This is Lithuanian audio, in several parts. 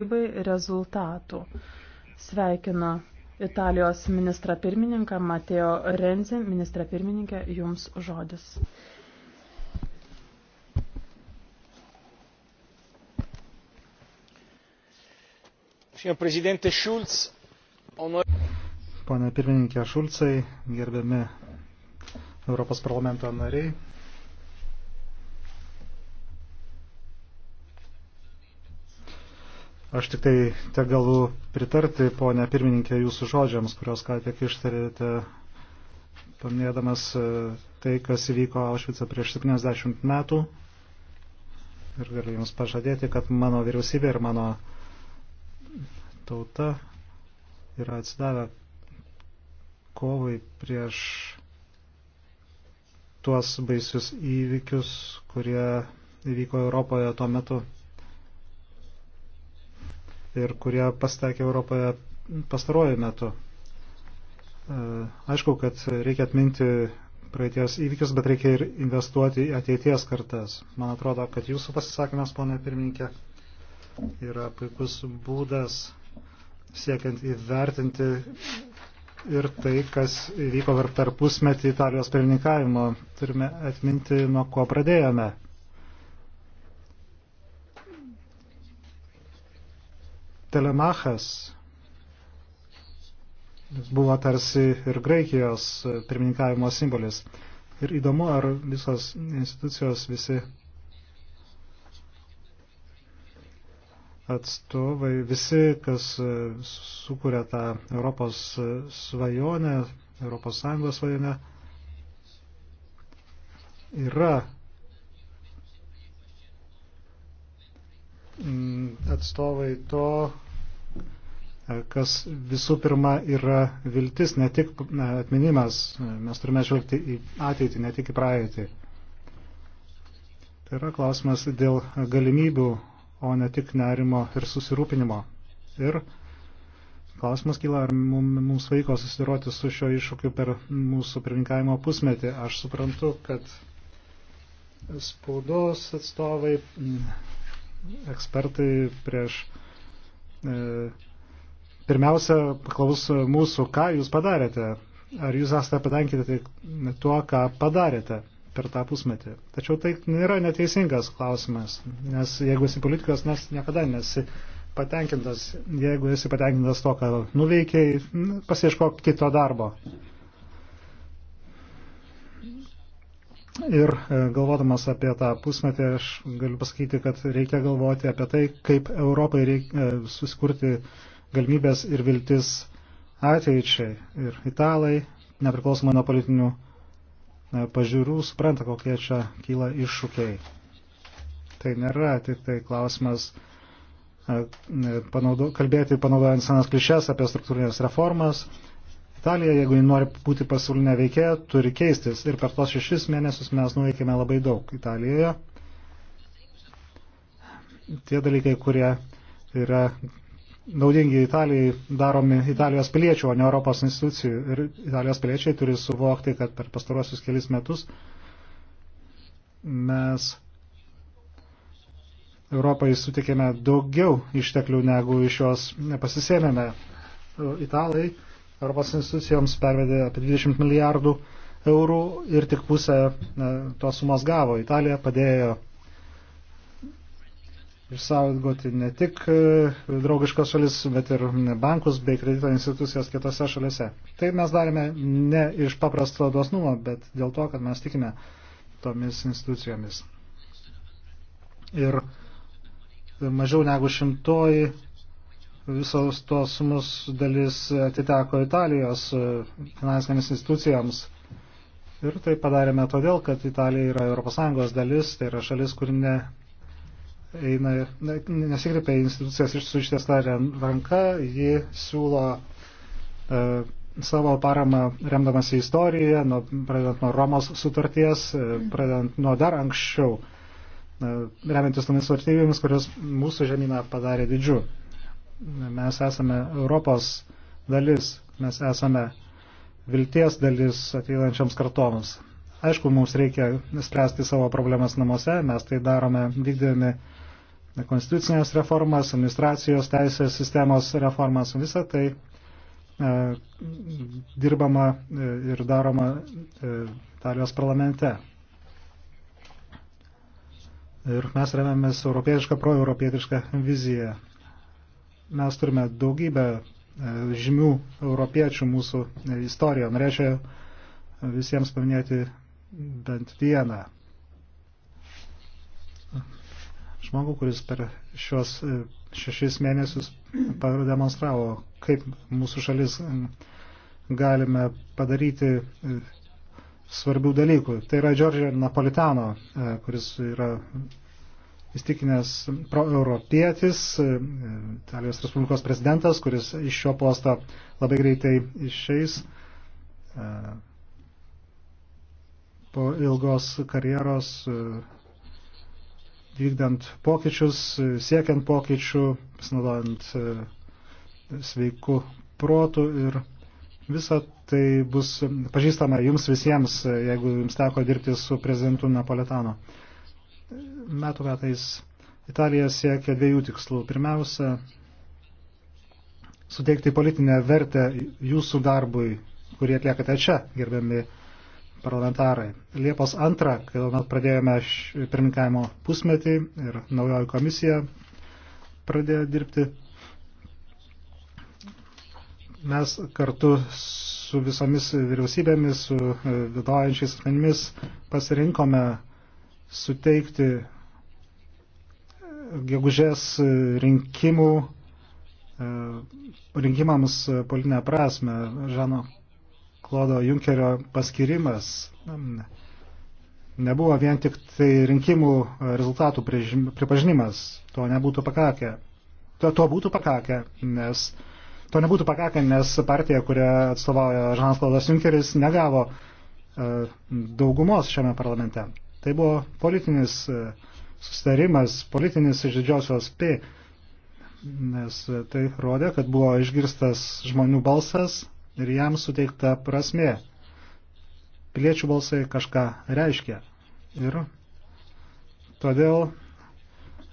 tarybai rezultatų. Sveikinu Italijos ministrą pirmininką Mateo Renzi. Ministrą pirmininkę, jums žodis. Pane pirmininkė Šulcai, gerbiami Europos parlamento nariai, Aš tik tai te galiu pritarti, ponė pirmininkė, jūsų žodžiams, kurios ką tik ištarėte, paminėdamas e, tai, kas įvyko Aušvice prieš 70 metų. Ir galiu Jums pažadėti, kad mano vyriausybė ir mano tauta yra atsidavę kovai prieš tuos baisius įvykius, kurie įvyko Europoje tuo metu ir kurie pasitaikė Europoje pastaruoju metu. E, aišku, kad reikia atminti praeities įvykius, bet reikia ir investuoti į ateities kartas. Man atrodo, kad jūsų pasisakymas, ponė pirmininkė, yra puikus būdas siekiant įvertinti ir tai, kas įvyko per pusmetį Italijos pirmininkavimo. Turime atminti, nuo ko pradėjome Telemachas buvo tarsi ir Graikijos pirmininkavimo simbolis. Ir įdomu, ar visos institucijos, visi atstovai, visi, kas sukuria tą Europos svajonę, Europos Sąjungos svajonę, yra atstovai to, kas visų pirma yra viltis, ne tik atminimas, mes turime žvelgti į ateitį, ne tik į praeitį. Tai yra klausimas dėl galimybių, o ne tik nerimo ir susirūpinimo. Ir klausimas kyla, ar mums vaiko susidoroti su šio iššūkiu per mūsų pirmininkavimo pusmetį. Aš suprantu, kad spaudos atstovai, mm, ekspertai prieš e, Pirmiausia, paklaus mūsų, ką jūs padarėte. Ar jūs esate patenkinti tuo, ką padarėte per tą pusmetį. Tačiau tai nėra neteisingas klausimas, nes jeigu esi politikas, nes niekada nesi patenkintas. Jeigu esi patenkintas to, ką nuveikiai, pasieškok kito darbo. Ir e, galvodamas apie tą pusmetį, aš galiu pasakyti, kad reikia galvoti apie tai, kaip Europai reikia e, susikurti uh, galimybės ir viltis ateičiai. Ir italai, nepriklausomai nuo politinių e, pažiūrų, supranta, kokie čia kyla iššūkiai. Tai nėra tik tai klausimas e, e, panaudo, kalbėti panaudojant senas klišes apie struktūrinės reformas. Italija, jeigu ji nori būti pasaulinė veikėja, turi keistis. Ir per tos šešis mėnesius mes nuveikėme labai daug Italijoje. Tie dalykai, kurie yra naudingi Italijai daromi Italijos piliečių, o ne Europos institucijų. Ir Italijos piliečiai turi suvokti, kad per pastaruosius kelis metus mes Europai sutikėme daugiau išteklių, negu iš jos nepasisėmėme. Italai Europos institucijoms pervedė apie 20 milijardų eurų ir tik pusę tos sumos gavo. Italija padėjo išsaugoti ne tik e, draugiškas šalis, bet ir bankus bei kredito institucijas kitose šalise. Tai mes darėme ne iš paprasto dosnumo, bet dėl to, kad mes tikime tomis institucijomis. Ir mažiau negu šimtoji visos tos mus dalis atiteko Italijos e, finansinėms institucijoms. Ir tai padarėme todėl, kad Italija yra ES dalis, tai yra šalis, kur ne, eina, nesikreipia į institucijas iš su ištiesta ranka, ji siūlo e, savo paramą remdamas į istoriją, nuo, pradedant nuo Romos sutarties, e, pradedant nuo dar anksčiau, e, remiantis tomis vertybėmis, kurios mūsų žemyną padarė didžiu. Mes esame Europos dalis, mes esame vilties dalis ateinančioms kartoms. Aišku, mums reikia spręsti savo problemas namuose, mes tai darome vykdami konstitucinės reformas, administracijos teisės sistemos reformas, visą tai e, dirbama e, ir daroma e, Italijos parlamente. Ir mes remiamės europietišką, proeuropietišką viziją. Mes turime daugybę e, žymių europiečių mūsų istorijoje. Norėčiau visiems paminėti bent vieną. žmogų, kuris per šios e, šešis mėnesius pademonstravo, kaip mūsų šalis galime padaryti e, svarbių dalykų. Tai yra Džordžio Napolitano, e, kuris yra įstikinęs proeuropietis, Italijos Respublikos prezidentas, kuris iš šio posto labai greitai išeis po ilgos karjeros vykdant pokyčius, siekiant pokyčių, pasinaudojant e, sveiku protu ir visa tai bus pažįstama jums visiems, e, jeigu jums teko dirbti su prezidentu Napoletano. Metų metais Italija siekia dviejų tikslų. Pirmiausia, suteikti politinę vertę jūsų darbui, kurį atliekate čia, gerbiami parlamentarai. Liepos 2, kai mes pradėjome pirmininkavimo pusmetį ir naujoji komisija pradėjo dirbti, mes kartu su visomis vyriausybėmis, su e, vadovaujančiais asmenimis pasirinkome suteikti e, gegužės rinkimų e, rinkimams politinę prasme. Žano Klodo Junkerio paskirimas nebuvo vien tik tai rinkimų e, rezultatų pripažinimas. To nebūtų pakakę. To, to būtų pakakę, nes to nebūtų pakakę, nes partija, kurią atstovauja Žanas Klaudas Junkeris, negavo e, daugumos šiame parlamente. Tai buvo politinis e, sustarimas, politinis iš didžiosios P, nes tai rodė, kad buvo išgirstas žmonių balsas, ir jam suteikta prasmė. Piliečių balsai kažką reiškia. Ir todėl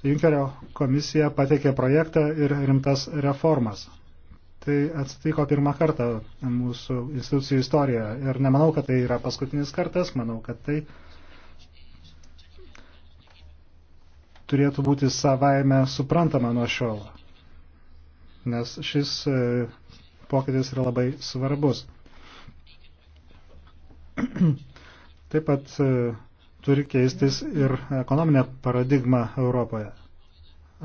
Junkerio komisija pateikė projektą ir rimtas reformas. Tai atsitiko pirmą kartą mūsų institucijų istorijoje ir nemanau, kad tai yra paskutinis kartas, manau, kad tai turėtų būti savaime suprantama nuo šiol. Nes šis pokytis yra labai svarbus. Taip pat e, turi keistis ir ekonominė paradigma Europoje.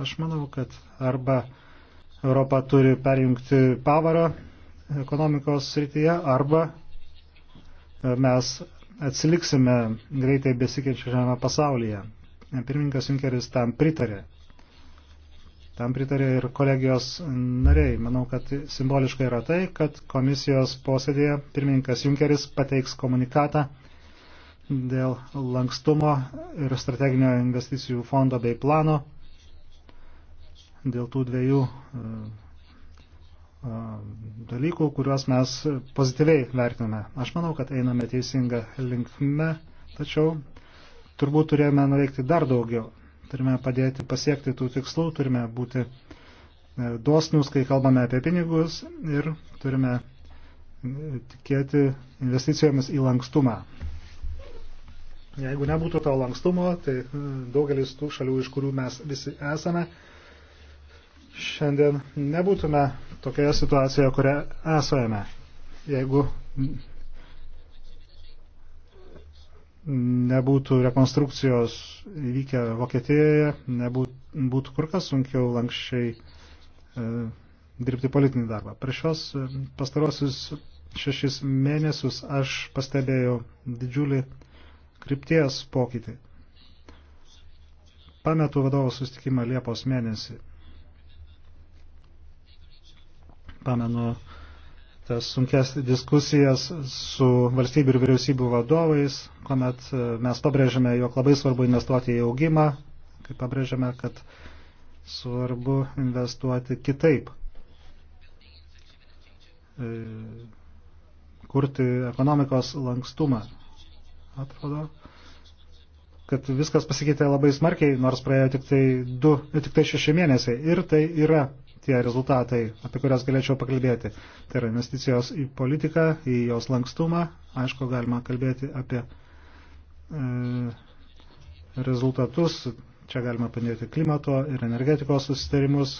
Aš manau, kad arba Europa turi perjungti pavarą ekonomikos srityje, arba e, mes atsiliksime greitai besikeičiame pasaulyje. Pirmininkas Junkeris tam pritarė. Tam pritarė ir kolegijos nariai. Manau, kad simboliška yra tai, kad komisijos posėdėje pirmininkas Junkeris pateiks komunikatą dėl lankstumo ir strateginio investicijų fondo bei plano dėl tų dviejų e, e, dalykų, kuriuos mes pozityviai vertiname. Aš manau, kad einame teisingą linkme, tačiau turbūt turėjome nuveikti dar daugiau turime padėti pasiekti tų tikslų, turime būti e, dosnus, kai kalbame apie pinigus ir turime e, tikėti investicijomis į lankstumą. Jeigu nebūtų to lankstumo, tai e, daugelis tų šalių, iš kurių mes visi esame, šiandien nebūtume tokioje situacijoje, kurią esame. Jeigu nebūtų rekonstrukcijos įvykę Vokietijoje, nebūtų kur kas sunkiau lankščiai e, dirbti politinį darbą. Per šios e, pastarosius šešis mėnesius aš pastebėjau didžiulį krypties pokytį. Pametų vadovo sustikimą Liepos mėnesį. Pamenu tas sunkes diskusijas su valstybių ir vyriausybių vadovais, kuomet e, mes pabrėžiame, jog labai svarbu investuoti į augimą, kai pabrėžiame, kad svarbu investuoti kitaip, e, kurti ekonomikos lankstumą. Atrodo, kad viskas pasikeitė labai smarkiai, nors praėjo tik tai, du, tik tai šeši mėnesiai. Ir tai yra tie rezultatai, apie kurias galėčiau pakalbėti. Tai yra investicijos į politiką, į jos lankstumą. Aišku, galima kalbėti apie e, rezultatus. Čia galima paminėti klimato ir energetikos susitarimus,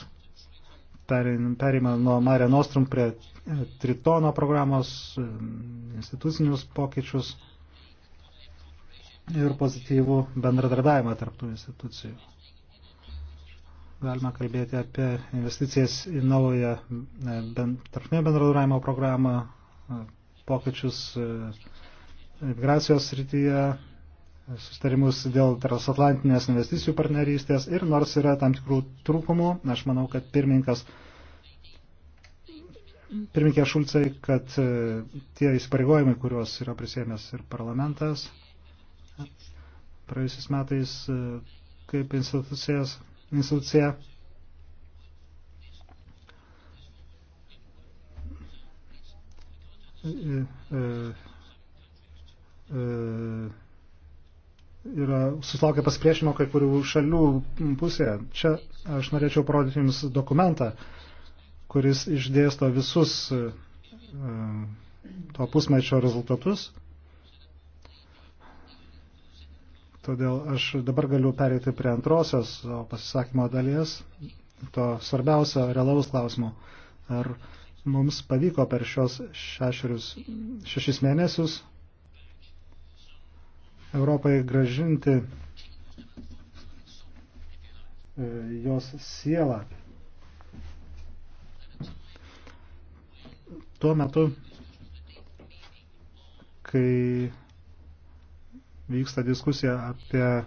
perima nuo Mare Nostrum prie e, Tritono programos, e, institucinius pokyčius ir pozityvų bendradarbiavimą tarptų institucijų galima kalbėti apie investicijas į naują e, tarpinio bendradarbiavimo programą, e, pokyčius e, migracijos srityje, sustarimus dėl transatlantinės investicijų partnerystės ir nors yra tam tikrų trūkumų, aš manau, kad pirmininkas Pirminkė Šulcai, kad tie įsipareigojimai, kuriuos yra prisėmęs ir parlamentas praėjusiais metais kaip institucijas institucija. yra susilaukia pasipriešinimo kai kurių šalių pusėje. Čia aš norėčiau parodyti Jums dokumentą, kuris išdėsto visus e, to pusmečio rezultatus. Todėl aš dabar galiu perėti prie antrosios pasisakymo dalies, to svarbiausio realaus klausimo. Ar mums pavyko per šios šešerius, šešis mėnesius Europai gražinti e, jos sielą. Tuo metu, kai vyksta diskusija apie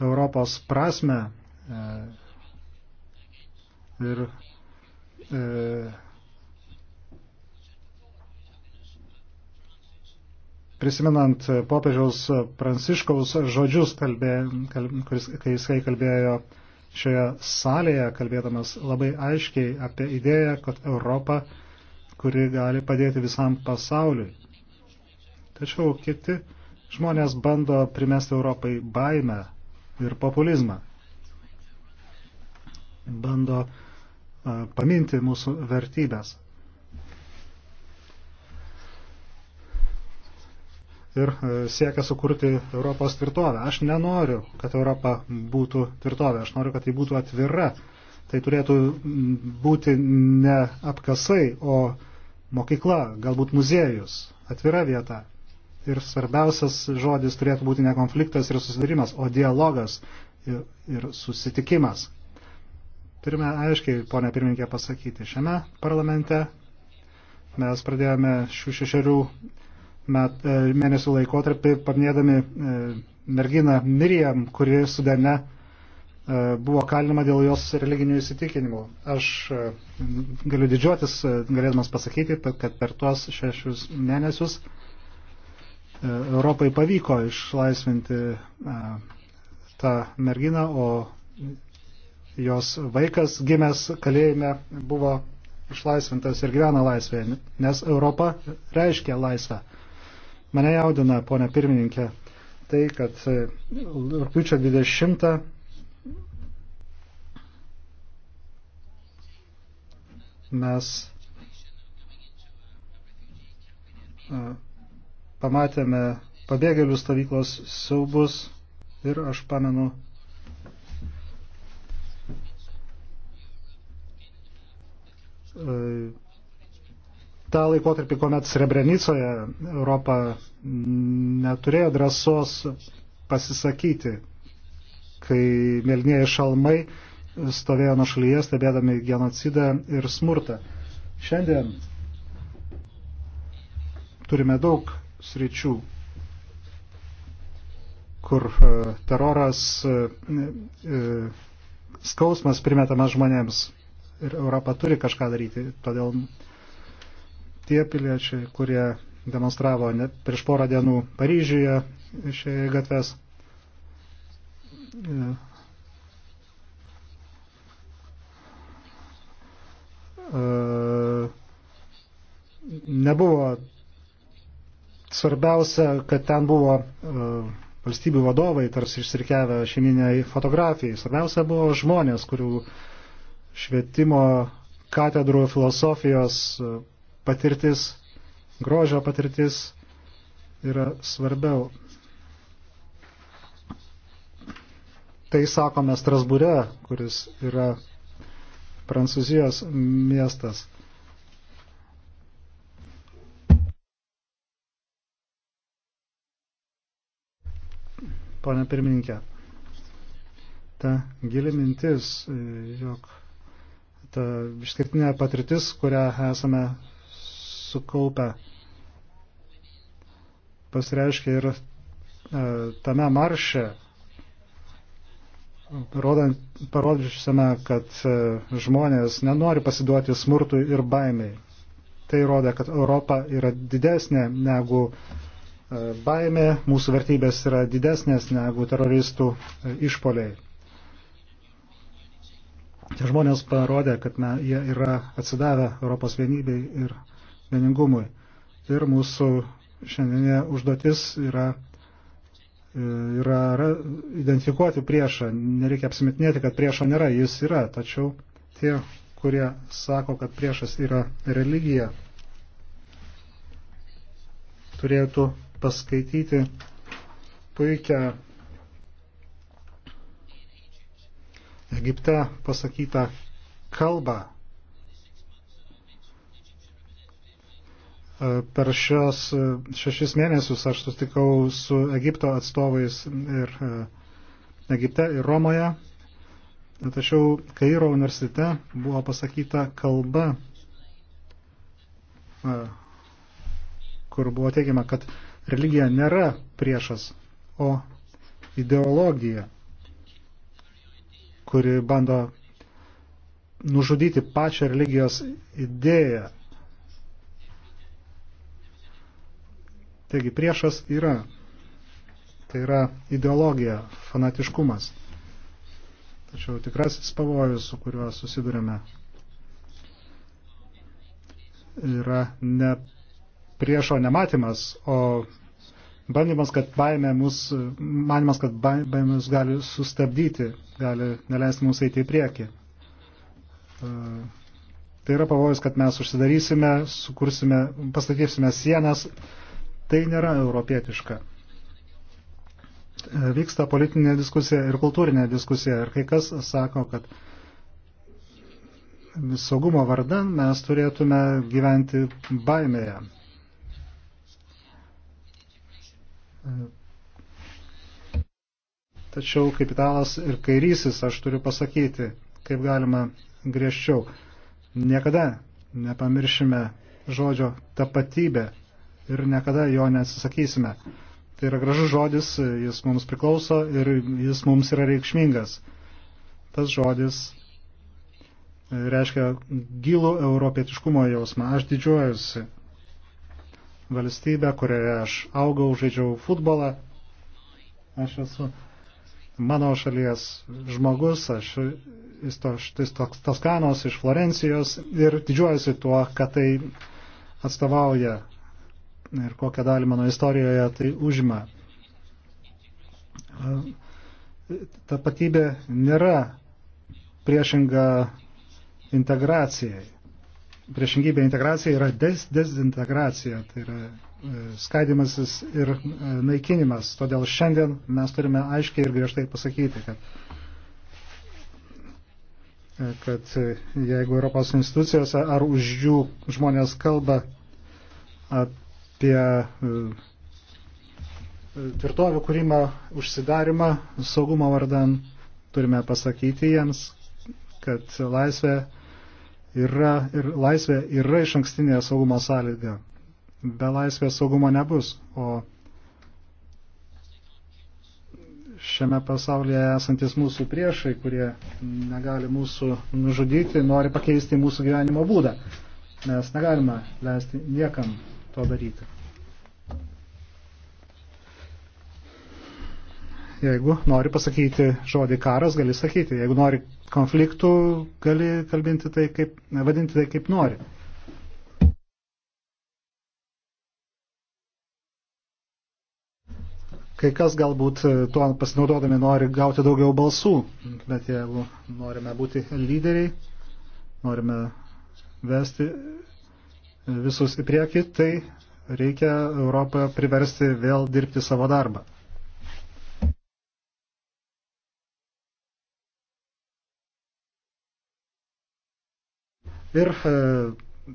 Europos prasme e, ir e, prisimenant popiežiaus Pranciškaus žodžius, kalbė, kal, kuris, kai jisai kalbėjo šioje salėje, kalbėdamas labai aiškiai apie idėją, kad Europa, kuri gali padėti visam pasauliui. Tačiau kiti Žmonės bando primesti Europai baimę ir populizmą. Bando paminti mūsų vertybės. ir siekia sukurti Europos tvirtovę. Aš nenoriu, kad Europa būtų tvirtovė, aš noriu, kad tai būtų atvira. Tai turėtų būti ne apkasai, o mokykla, galbūt muziejus, atvira vieta ir svarbiausias žodis turėtų būti ne konfliktas ir susidarimas, o dialogas ir, ir susitikimas. Turime aiškiai, ponia pirmininkė, pasakyti, šiame parlamente mes pradėjome šių šešerių met, e, mėnesių laikotarpį paminėdami e, merginą Miriam, kuri sudane e, buvo kalinama dėl jos religinių įsitikinimų. Aš e, galiu didžiuotis, e, galėdamas pasakyti, kad per tuos šešius mėnesius e, E, Europai pavyko išlaisvinti e, tą merginą, o jos vaikas gimęs kalėjime buvo išlaisvintas ir gyvena laisvėje, nes Europa reiškia laisvę. Mane jaudina, ponia pirmininkė, tai, kad e, rūpiučio 20 mes pamatėme pabėgėlių stovyklos siaubus ir aš pamenu e, tą laikotarpį, kuomet Srebrenicoje Europa neturėjo drąsos pasisakyti, kai mėlynieji šalmai stovėjo nuo šalyje, stebėdami genocidą ir smurtą. Šiandien turime daug sričių, kur e, teroras, e, e, skausmas primetamas žmonėms ir Europa turi kažką daryti. Todėl tie piliečiai, kurie demonstravo net prieš porą dienų Paryžiuje išėję gatves, nebuvo Svarbiausia, kad ten buvo e, valstybių vadovai tarsi išsirkiavę šeiminiai fotografijai. Svarbiausia buvo žmonės, kurių švietimo katedrų filosofijos e, patirtis, grožio patirtis yra svarbiau. Tai sakome Strasbūre, kuris yra Prancūzijos miestas. ponė pirmininkė. Ta gili mintis, e, jog ta išskirtinė patirtis, kurią esame sukaupę, pasireiškia ir e, tame marše, rodant, parodžiusiame, kad e, žmonės nenori pasiduoti smurtui ir baimiai. Tai rodo, kad Europa yra didesnė negu e, baimė, mūsų vertybės yra didesnės negu teroristų e, išpoliai. Tie žmonės parodė, kad me, jie yra atsidavę Europos vienybei ir vieningumui. Ir mūsų šiandienė užduotis yra, e, yra identifikuoti priešą. Nereikia apsimetinėti, kad priešo nėra, jis yra. Tačiau tie, kurie sako, kad priešas yra religija, turėtų paskaityti puikią Egipte pasakytą kalbą. Per šios šešis mėnesius aš sustikau su Egipto atstovais ir e, Egipte ir Romoje, tačiau Kairo universitete buvo pasakyta kalba, e, kur buvo teigiama, kad Religija nėra priešas, o ideologija, kuri bando nužudyti pačią religijos idėją. Taigi priešas yra. Tai yra ideologija, fanatiškumas. Tačiau tikrasis pavojus, su kuriuo susidurime, yra ne priešo nematymas, o bandymas, kad baimė mus, manimas, kad baimė mus gali sustabdyti, gali neleisti mums eiti į priekį. E, tai yra pavojus, kad mes užsidarysime, sukursime, pastatysime sienas. Tai nėra europietiška. E, vyksta politinė diskusija ir kultūrinė diskusija. Ir kai kas sako, kad saugumo vardan mes turėtume gyventi baimėje. Tačiau kapitalas ir kairysis, aš turiu pasakyti, kaip galima griežčiau. Niekada nepamiršime žodžio tapatybė ir niekada jo neatsisakysime. Tai yra gražus žodis, jis mums priklauso ir jis mums yra reikšmingas. Tas žodis e, reiškia gilų europietiškumo jausmą. Aš didžiuojusi valstybę, kurioje aš augau, žaidžiau futbolą. Aš esu mano šalies žmogus, aš iš tos, tos Toskanos, iš Florencijos ir didžiuojasi tuo, kad tai atstovauja ir kokią dalį mano istorijoje tai užima. Tapatybė nėra priešinga integracijai priešingybė integracija yra des, dezintegracija, tai yra e, skaidimasis ir e, naikinimas. Todėl šiandien mes turime aiškiai ir griežtai pasakyti, kad, e, kad jeigu Europos institucijose ar už jų žmonės kalba apie tvirtovių kūrimą, užsidarimą, saugumo vardan, turime pasakyti jiems, kad laisvė yra ir laisvė yra iš ankstinė saugumo sąlyga. Be laisvės saugumo nebus, o šiame pasaulyje esantis mūsų priešai, kurie negali mūsų nužudyti, nori pakeisti mūsų gyvenimo būdą. Mes negalime leisti niekam to daryti. Jeigu nori pasakyti žodį karas, gali sakyti. Jeigu nori konfliktų gali kalbinti tai kaip, vadinti tai kaip nori. Kai kas galbūt tuo pasinaudodami nori gauti daugiau balsų, bet jeigu norime būti lyderiai, norime vesti visus į priekį, tai reikia Europą priversti vėl dirbti savo darbą. Ir e,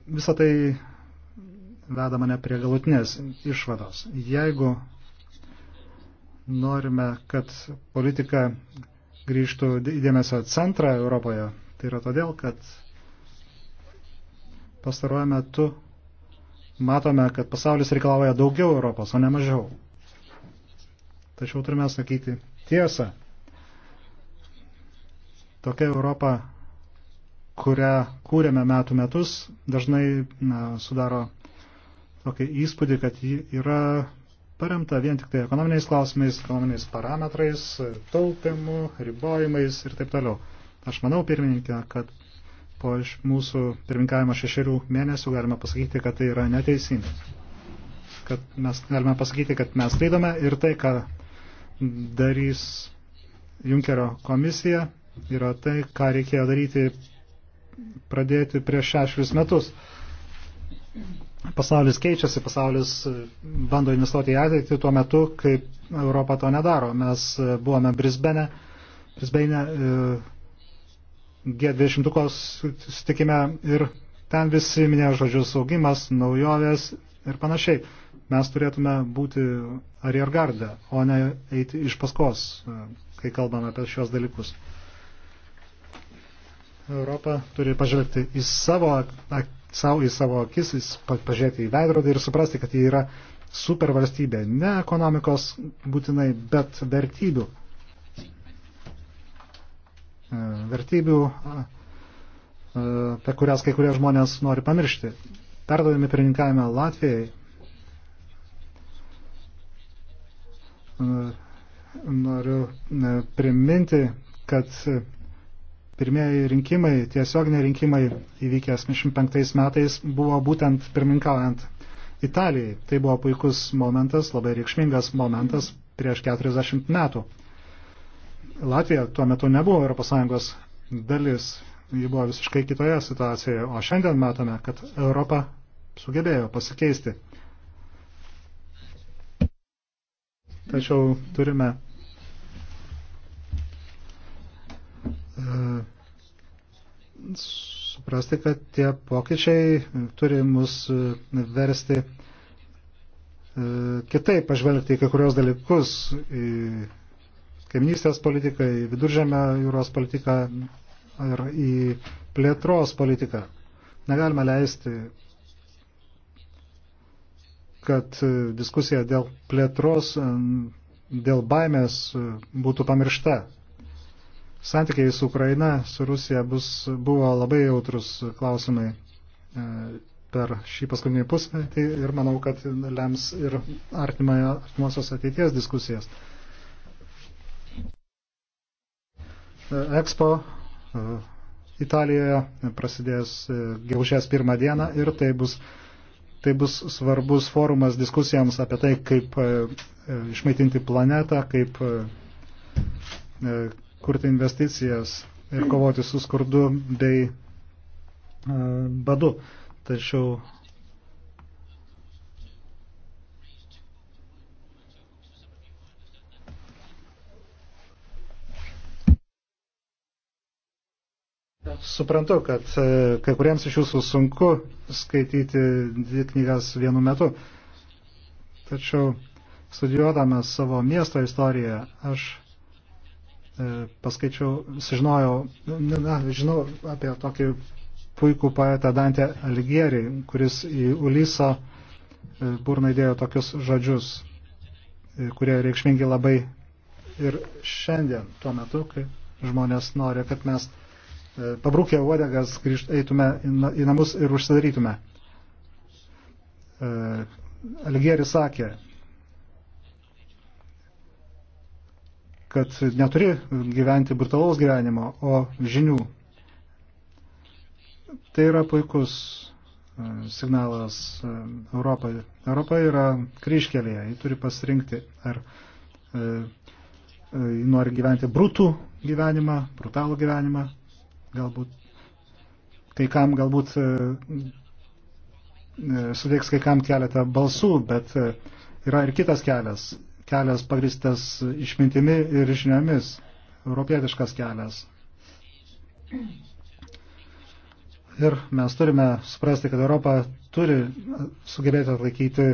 visą tai veda mane prie galutinės išvados. Jeigu norime, kad politika grįžtų į dėmesio centrą Europoje, tai yra todėl, kad pastaruoju metu matome, kad pasaulis reikalauja daugiau Europos, o ne mažiau. Tačiau turime sakyti tiesą. Tokia Europa kurią kūrėme metų metus, dažnai na, sudaro tokį įspūdį, kad ji yra paremta vien tik tai ekonominiais klausimais, ekonominiais parametrais, taupimu, ribojimais ir taip toliau. Aš manau, pirmininkė, kad po mūsų pirmininkavimo šešerių mėnesių galime pasakyti, kad tai yra neteisinga. Kad mes galime pasakyti, kad mes klydome tai ir tai, ką darys Junkerio komisija, yra tai, ką reikėjo daryti pradėti prieš šešerius metus. Pasaulis keičiasi, pasaulis e, bando investuoti į ateitį tuo metu, kai Europa to nedaro. Mes e, buvome Brisbane, Brisbane e, G20 sutikime ir ten visi minėjo žodžius augimas, naujovės ir panašiai. Mes turėtume būti ariergardę, o ne eiti iš paskos, kai kalbame apie šios dalykus. Europa turi pažvelgti į savo, savo, į savo akis, pažiūrėti į veidrodį ir suprasti, kad jie yra supervalstybė. Ne ekonomikos būtinai, bet vertybių. E, vertybių, e, apie kurias kai kurie žmonės nori pamiršti. Perdodami pirmininkavimą Latvijai, e, noriu priminti, kad pirmieji rinkimai, tiesioginiai rinkimai įvykę 75 metais buvo būtent pirminkaujant Italijai. Tai buvo puikus momentas, labai reikšmingas momentas prieš 40 metų. Latvija tuo metu nebuvo ES dalis, ji buvo visiškai kitoje situacijoje, o šiandien matome, kad Europa sugebėjo pasikeisti. Tačiau turime suprasti, kad tie pokyčiai turi mus e, versti e, kitaip pažvelgti į kai kurios dalykus, į kaiminystės politiką, į viduržėmę jūros politiką ir į plėtros politiką. Negalime leisti, kad e, diskusija dėl plėtros, dėl baimės būtų pamiršta. Santykiai su Ukraina, su Rusija bus, buvo labai jautrus klausimai e, per šį paskutinį pusmetį ir manau, kad lems ir artimosios ateities diskusijas. E, Expo e, Italijoje prasidės gegužės pirmą dieną ir tai bus, tai bus svarbus forumas diskusijams apie tai, kaip išmaitinti planetą, kaip kurti investicijas ir kovoti su skurdu bei e, badu. Tačiau suprantu, kad e, kai kuriems iš jūsų sunku skaityti dvi knygas vienu metu. Tačiau studijuodamas savo miesto istoriją, aš E, paskaičiau, sužinojau, na, žinau apie tokį puikų poetą Dantę Aligierį, kuris į Ulyso e, burną įdėjo tokius žodžius, e, kurie reikšmingi labai ir šiandien, tuo metu, kai žmonės nori, kad mes pabrūkę uodegas grįžt, eitume į namus ir užsidarytume. Aligieris sakė, kad neturi gyventi brutalaus gyvenimo, o žinių. Tai yra puikus e, signalas e, Europai. Europa yra kryškelėje, ji turi pasirinkti, ar e, e, nori gyventi brutų gyvenimą, brutalų gyvenimą, galbūt kai kam galbūt e, e suteiks kai kam keletą balsų, bet yra ir kitas kelias kelias pagristas išmintimi ir žiniomis, europietiškas kelias. Ir mes turime suprasti, kad Europa turi sugebėti atlaikyti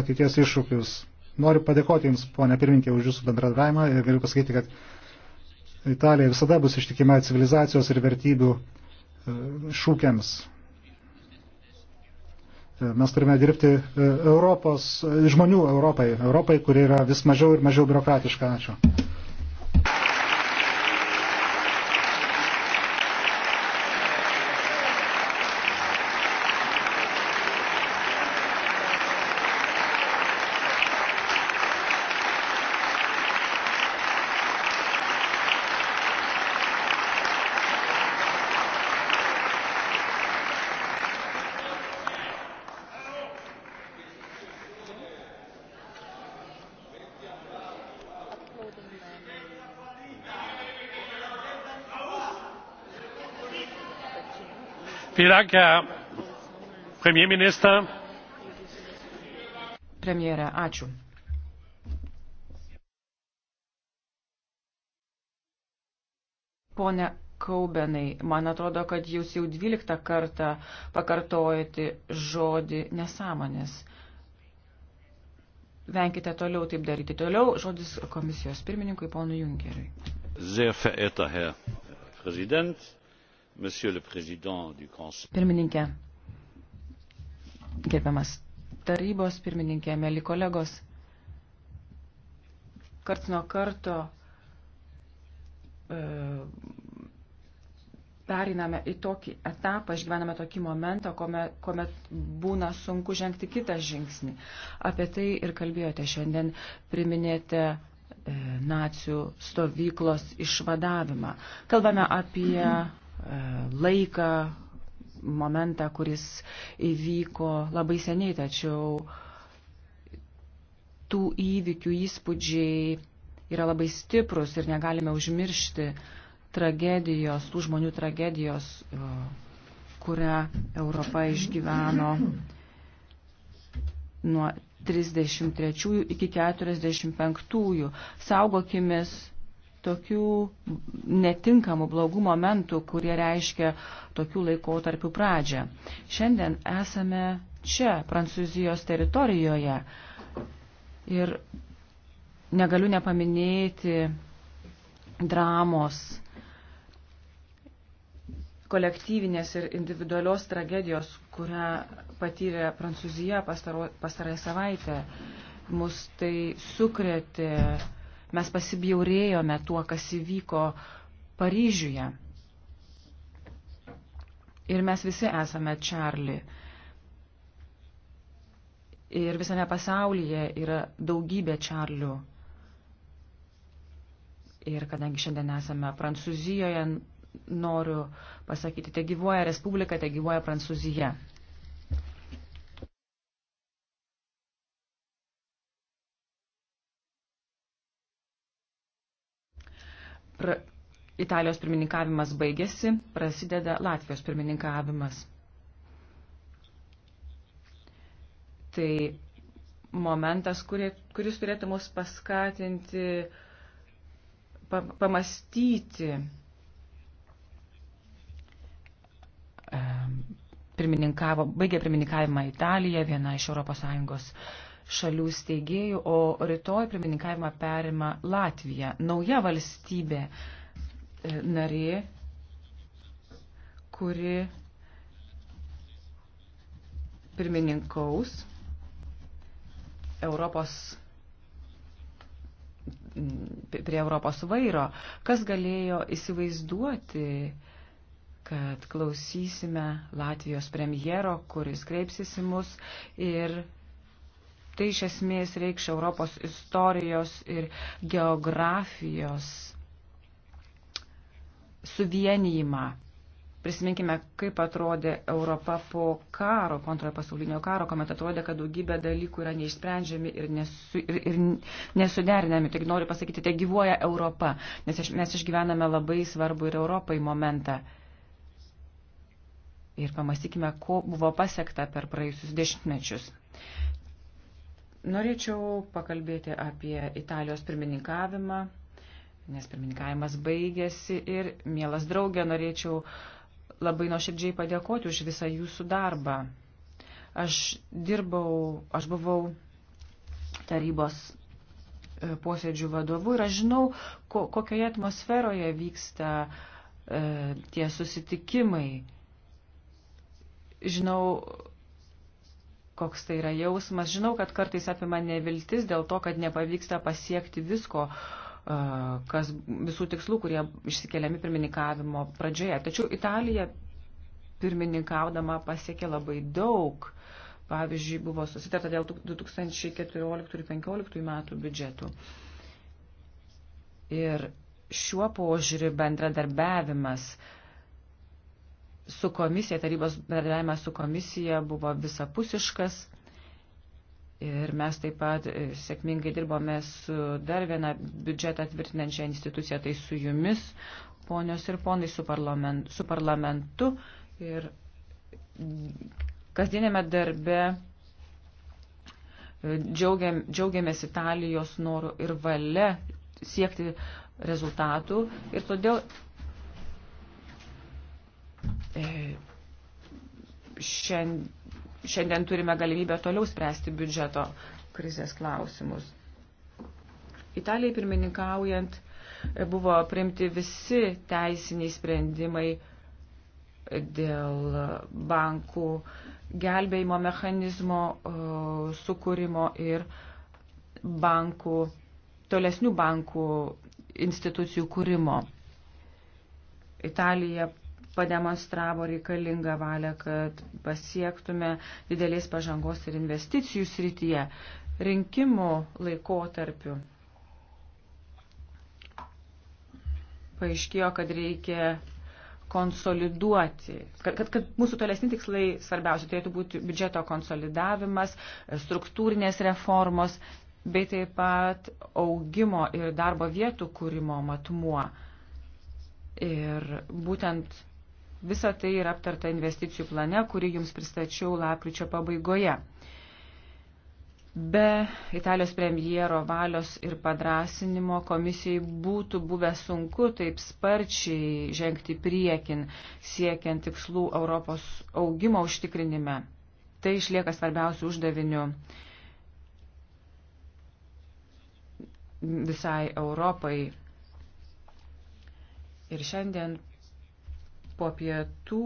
ateities iššūkius. Noriu padėkoti Jums, ponė pirminkė, už Jūsų bendradavimą ir galiu pasakyti, kad Italija visada bus ištikima civilizacijos ir vertybių e, šūkiams. Mes turime dirbti e, Europos, e, žmonių Europai, Europai, kuri yra vis mažiau ir mažiau biurokratiška. Ačiū. Vielen Dank, Herr Premierminister. Premjere, ačiū. Pone Kaubenai, man atrodo, kad jūs jau dvyliktą kartą pakartojate žodį nesąmonės. Venkite toliau taip daryti. Toliau žodis komisijos pirmininkui, ponui Junkeriui. Sehr verehrter Herr Präsident, Pirmininkė, gerbiamas tarybos pirmininkė, mėly kolegos, karts nuo karto e, periname į tokį etapą, išgyvename tokį momentą, kuomet, kuomet būna sunku žengti kitą žingsnį. Apie tai ir kalbėjote šiandien, priminėte e, nacijų stovyklos išvadavimą. Kalbame apie. Mm -hmm E, laiką, momentą, kuris įvyko labai seniai, tačiau tų įvykių įspūdžiai yra labai stiprus ir negalime užmiršti tragedijos, tų žmonių tragedijos, e, kurią Europa išgyveno nuo 33 iki 45. -ųjų. Saugokimės tokių netinkamų blogų momentų, kurie reiškia tokių laikotarpių pradžią. Šiandien esame čia, Prancūzijos teritorijoje. Ir negaliu nepaminėti dramos, kolektyvinės ir individualios tragedijos, kurią patyrė Prancūzija pastarąją savaitę. Mus tai sukrėtė Mes pasibjaurėjome tuo, kas įvyko Paryžiuje. Ir mes visi esame Čarli. Ir visame pasaulyje yra daugybė Čarlių. Ir kadangi šiandien esame Prancūzijoje, noriu pasakyti, te gyvoja Respublika, te gyvoja Prancūzija. pra, Italijos pirmininkavimas baigėsi, prasideda Latvijos pirmininkavimas. Tai momentas, kurie, kuris turėtų mus paskatinti, pa, pamastyti pirmininkavo, baigė pirmininkavimą Italiją, viena iš ES šalių steigėjų, o rytoj pirmininkavimą perima Latvija, nauja valstybė e, narė, kuri pirmininkaus Europos prie Europos vairo, kas galėjo įsivaizduoti, kad klausysime Latvijos premjero, kuris kreipsis į mus ir Tai iš esmės reikš Europos istorijos ir geografijos suvienijimą. Prisiminkime, kaip atrodė Europa po karo, kontrojo pasaulinio karo, kuomet atrodė, kad daugybė dalykų yra neišsprendžiami ir, nesu, ir, ir nesuderinami. Tik noriu pasakyti, tai gyvuoja Europa, nes iš, mes išgyvename labai svarbu ir Europai momentą. Ir pamastykime, ko buvo pasiekta per praėjusius dešimtmečius. Norėčiau pakalbėti apie Italijos pirmininkavimą, nes pirmininkavimas baigėsi ir, mielas draugė, norėčiau labai nuoširdžiai padėkoti už visą jūsų darbą. Aš dirbau, aš buvau tarybos e, posėdžių vadovu ir aš žinau, ko, kokioje atmosferoje vyksta e, tie susitikimai. Žinau, koks tai yra jausmas. Žinau, kad kartais apima neviltis dėl to, kad nepavyksta pasiekti visko, e, kas, visų tikslų, kurie išsikeliami pirmininkavimo pradžioje. Tačiau Italija pirmininkaudama pasiekė labai daug. Pavyzdžiui, buvo susitarta dėl 2014-2015 metų biudžetų. Ir šiuo požiūriu bendradarbiavimas uh, su komisija, tarybos bendradarbiavimas su komisija buvo visapusiškas. Ir mes taip pat e, sėkmingai dirbome su dar viena biudžetą tvirtinančia institucija, tai su jumis, ponios ir ponai, su, parlament, su parlamentu. Ir kasdienėme darbe e, džiaugiam, džiaugiamės Italijos noru ir valia siekti rezultatų. Ir todėl E, šiandien turime galimybę toliau spręsti biudžeto krizės klausimus. Italijai pirmininkaujant e, buvo priimti visi teisiniai sprendimai dėl bankų gelbėjimo mechanizmo e, sukūrimo ir bankų, tolesnių bankų institucijų kūrimo. Italija pademonstravo reikalingą valią, kad pasiektume didelės pažangos ir investicijų srityje rinkimų laikotarpiu. Paaiškėjo, kad reikia konsoliduoti, kad, kad, kad mūsų tolesni tikslai svarbiausia turėtų būti biudžeto konsolidavimas, struktūrinės reformos, bei taip pat augimo ir darbo vietų kūrimo matmuo. Ir būtent Visa tai yra aptarta investicijų plane, kurį jums pristačiau lapkričio pabaigoje. Be Italijos premjero valios ir padrasinimo komisijai būtų buvę sunku taip sparčiai žengti priekin, siekiant tikslų Europos augimo užtikrinime. Tai išlieka svarbiausių uždavinių visai Europai. Ir šiandien po pietų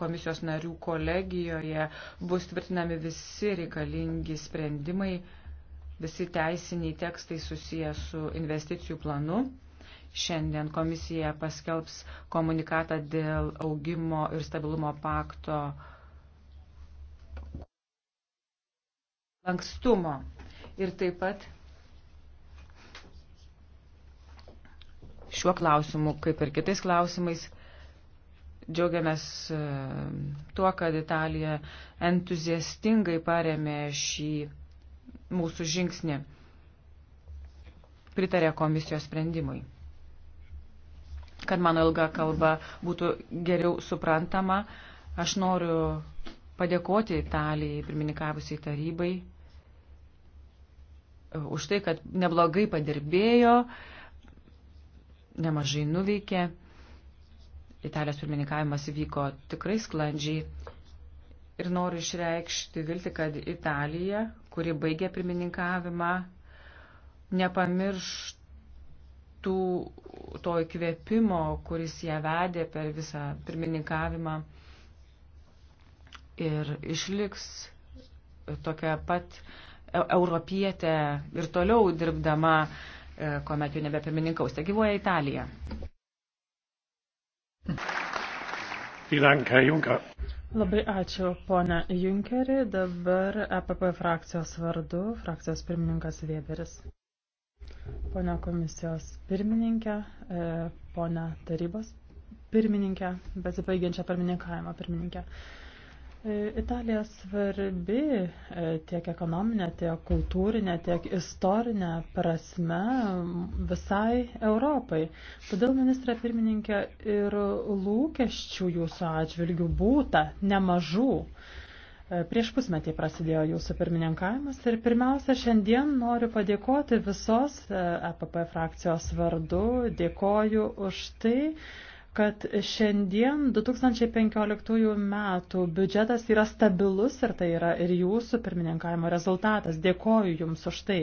komisijos narių kolegijoje bus tvirtinami visi reikalingi sprendimai, visi teisiniai tekstai susiję su investicijų planu. Šiandien komisija paskelbs komunikatą dėl augimo ir stabilumo pakto lankstumo. Ir taip pat šiuo klausimu, kaip ir kitais klausimais, Džiaugiamės e, tuo, kad Italija entuziastingai paremė šį mūsų žingsnį, pritarė komisijos sprendimui. Kad mano ilga kalba būtų geriau suprantama, aš noriu padėkoti Italijai, pirmininkavusiai tarybai, už tai, kad neblogai padirbėjo, nemažai nuveikė. Italijos pirmininkavimas vyko tikrai sklandžiai ir noriu išreikšti vilti, kad Italija, kuri baigė pirmininkavimą, nepamirštų to įkvėpimo, kuris ją vedė per visą pirmininkavimą ir išliks tokia pat europietė ir toliau dirbdama, e, kuomet jau nebepirmininkaus. Tai gyvoja Italija. Labai ačiū, ponė Junkeri. Dabar EPP frakcijos vardu, frakcijos pirmininkas Weberis. Pone komisijos pirmininkė, e, pone tarybos pirmininkė, besibaigiančią pirmininkavimą pirmininkė. E, Italija svarbi e, tiek ekonominė, tiek kultūrinė, tiek istorinė prasme visai Europai. Todėl, ministrė pirmininkė, ir lūkesčių jūsų atžvilgių būta nemažų. E, Prieš pusmetį prasidėjo jūsų pirmininkavimas ir pirmiausia, šiandien noriu padėkoti visos EPP frakcijos vardu. Dėkoju už tai kad šiandien 2015 metų biudžetas yra stabilus ir tai yra ir jūsų pirmininkavimo rezultatas. Dėkoju Jums už tai.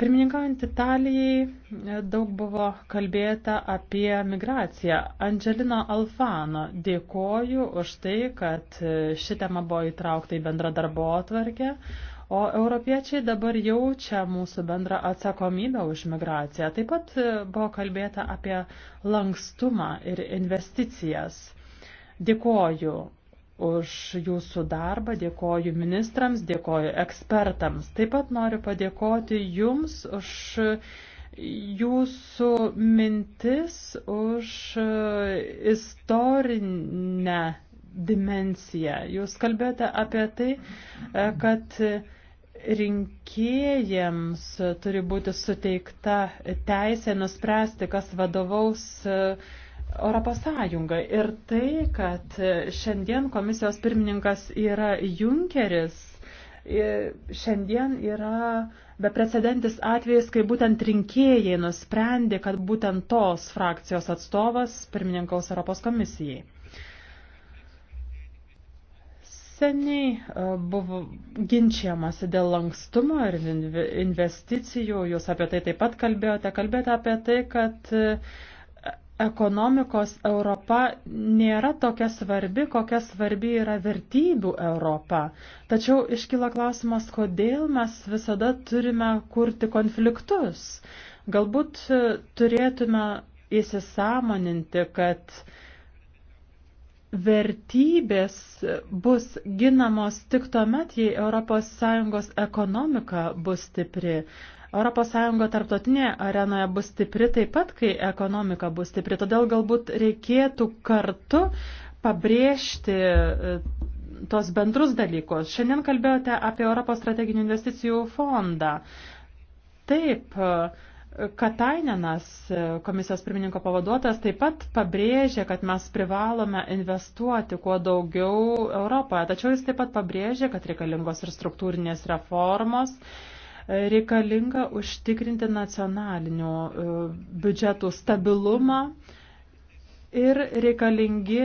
Pirmininkaujant Italijai daug buvo kalbėta apie migraciją. Angelino Alfano dėkoju už tai, kad ši tema buvo įtraukta į bendrą darbo atvarkę, O europiečiai dabar jaučia mūsų bendrą atsakomybę už migraciją. Taip pat e, buvo kalbėta apie lankstumą ir investicijas. Dėkoju už jūsų darbą, dėkoju ministrams, dėkoju ekspertams. Taip pat noriu padėkoti jums už jūsų mintis, už e, istorinę dimensiją. Jūs kalbėjote apie tai, e, kad rinkėjams turi būti suteikta teisė nuspręsti, kas vadovaus e, Europos Sąjunga. Ir tai, kad šiandien komisijos pirmininkas yra Junkeris, e, šiandien yra beprecedentis atvejis, kai būtent rinkėjai nusprendė, kad būtent tos frakcijos atstovas pirmininkaus Europos komisijai. Seniai e, buvo ginčiamasi dėl lankstumo ir investicijų, jūs apie tai taip pat kalbėjote, kalbėjote apie tai, kad e, ekonomikos Europa nėra tokia svarbi, kokia svarbi yra vertybių Europa. Tačiau iškyla klausimas, kodėl mes visada turime kurti konfliktus. Galbūt e, turėtume įsisamoninti, kad vertybės bus ginamos tik tuomet, jei ES ekonomika bus stipri. ES tarptautinėje arenoje bus stipri taip pat, kai ekonomika bus stipri. Todėl galbūt reikėtų kartu pabrėžti e, tos bendrus dalykus. Šiandien kalbėjote apie Europos strateginių investicijų fondą. Taip, uh, Katainenas, e, komisijos pirmininko pavaduotojas, taip pat pabrėžė, kad mes privalome investuoti kuo daugiau Europoje, tačiau jis taip pat pabrėžė, kad reikalingos ir struktūrinės reformos, e, reikalinga užtikrinti nacionalinių e, biudžetų stabilumą ir reikalingi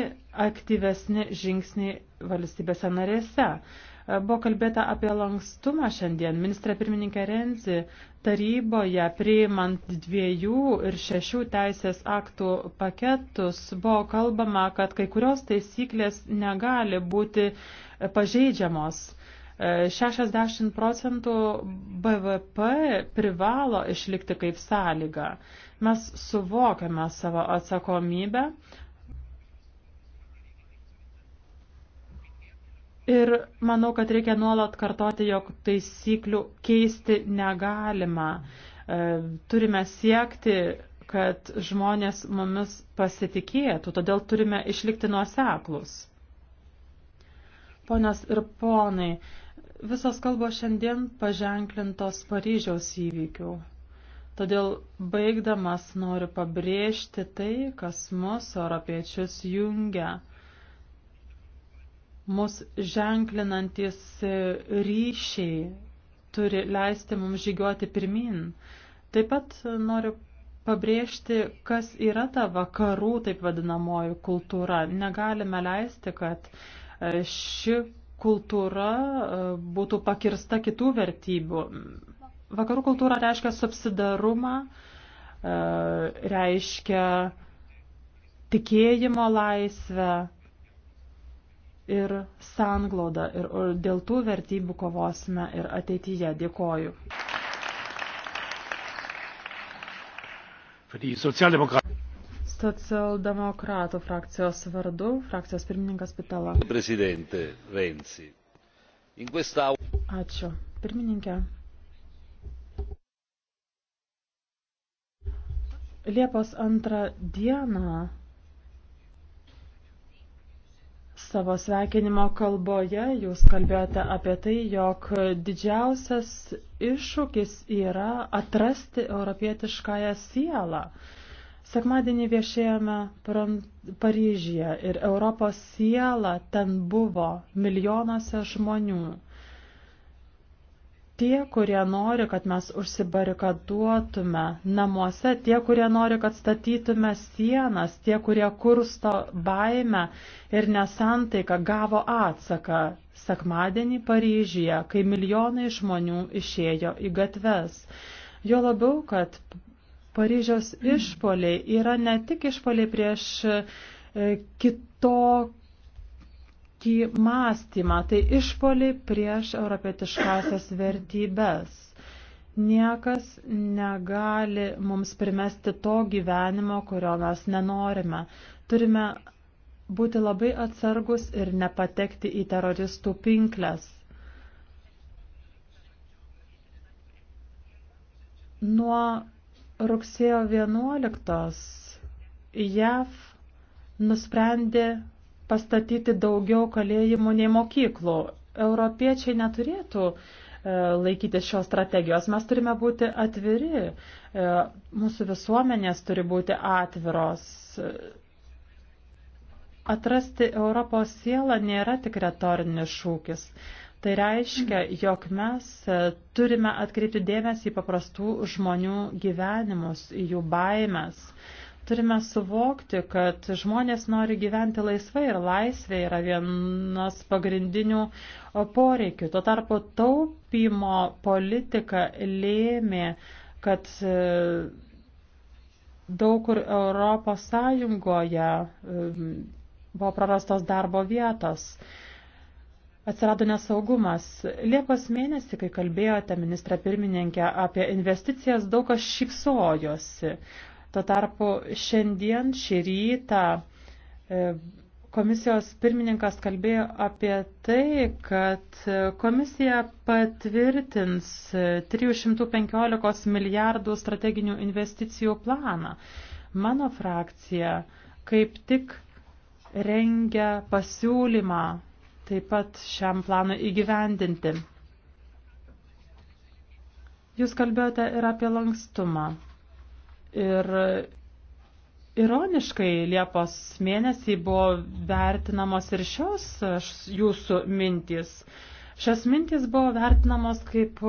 aktyvesni žingsniai valstybėse narėse. Buvo kalbėta apie lankstumą šiandien. Ministrė pirmininkė Renzi taryboje priimant dviejų ir šešių teisės aktų paketus buvo kalbama, kad kai kurios taisyklės negali būti pažeidžiamos. 60 e, procentų BVP privalo išlikti kaip sąlyga. Mes suvokiame savo atsakomybę, Ir manau, kad reikia nuolat kartoti, jog taisyklių keisti negalima. E, turime siekti, kad žmonės mumis pasitikėtų, todėl turime išlikti nuoseklus. Ponios ir ponai, visos kalbos šiandien paženklintos Paryžiaus įvykių. Todėl baigdamas noriu pabrėžti tai, kas mus, europiečius, jungia mus ženklinantis ryšiai turi leisti mums žygiuoti pirmin. Taip pat noriu pabrėžti, kas yra ta vakarų taip vadinamoji kultūra. Negalime leisti, kad e, ši kultūra e, būtų pakirsta kitų vertybių. Vakarų kultūra reiškia subsidarumą, e, reiškia tikėjimo laisvę, ir sangloda. Ir dėl tų vertybių kovosime ir ateityje. Dėkoju. Socialdemokratų frakcijos vardu, frakcijos pirmininkas Pitala. Prezidente Renzi. Ačiū. Pirmininkė. Liepos antrą dieną Savo sveikinimo kalboje jūs kalbėjote apie tai, jog didžiausias iššūkis yra atrasti europietiškąją sielą. Sekmadienį viešėjome Paryžyje ir Europos siela ten buvo milijonuose žmonių tie, kurie nori, kad mes užsibarikaduotume namuose, tie, kurie nori, kad statytume sienas, tie, kurie kursto baimę ir nesantaiką, gavo atsaką sekmadienį Paryžyje, kai milijonai žmonių išėjo į gatves. Jo labiau, kad Paryžiaus išpoliai yra ne tik išpoliai prieš e, kitokį kitokį mąstymą, tai išpoliai prieš europietiškasias vertybės. Niekas negali mums primesti to gyvenimo, kurio mes nenorime. Turime būti labai atsargus ir nepatekti į teroristų pinklės. Nuo rugsėjo 11 JAV nusprendė pastatyti daugiau kalėjimų nei mokyklų. Europiečiai neturėtų e, laikytis šios strategijos. Mes turime būti atviri, e, mūsų visuomenės turi būti atviros. Atrasti Europos sielą nėra tik retorinis šūkis. Tai reiškia, jog mes e, turime atkreipti dėmesį į paprastų žmonių gyvenimus, į jų baimės. Turime suvokti, kad žmonės nori gyventi laisvai ir laisvė yra vienas pagrindinių poreikių. Tuo tarpu taupimo politika lėmė, kad e, daug kur Europos Sąjungoje e, buvo prarastos darbo vietos. Atsirado nesaugumas. Liepos mėnesį, kai kalbėjote ministrą pirmininkę apie investicijas, daug kas šypsojosi. Tuo tarpu šiandien šį rytą e, komisijos pirmininkas kalbėjo apie tai, kad komisija patvirtins 315 milijardų strateginių investicijų planą. Mano frakcija kaip tik rengia pasiūlymą taip pat šiam planui įgyvendinti. Jūs kalbėjote ir apie lankstumą. Ir ironiškai Liepos mėnesį buvo vertinamos ir šios jūsų mintys. Šios mintys buvo vertinamos kaip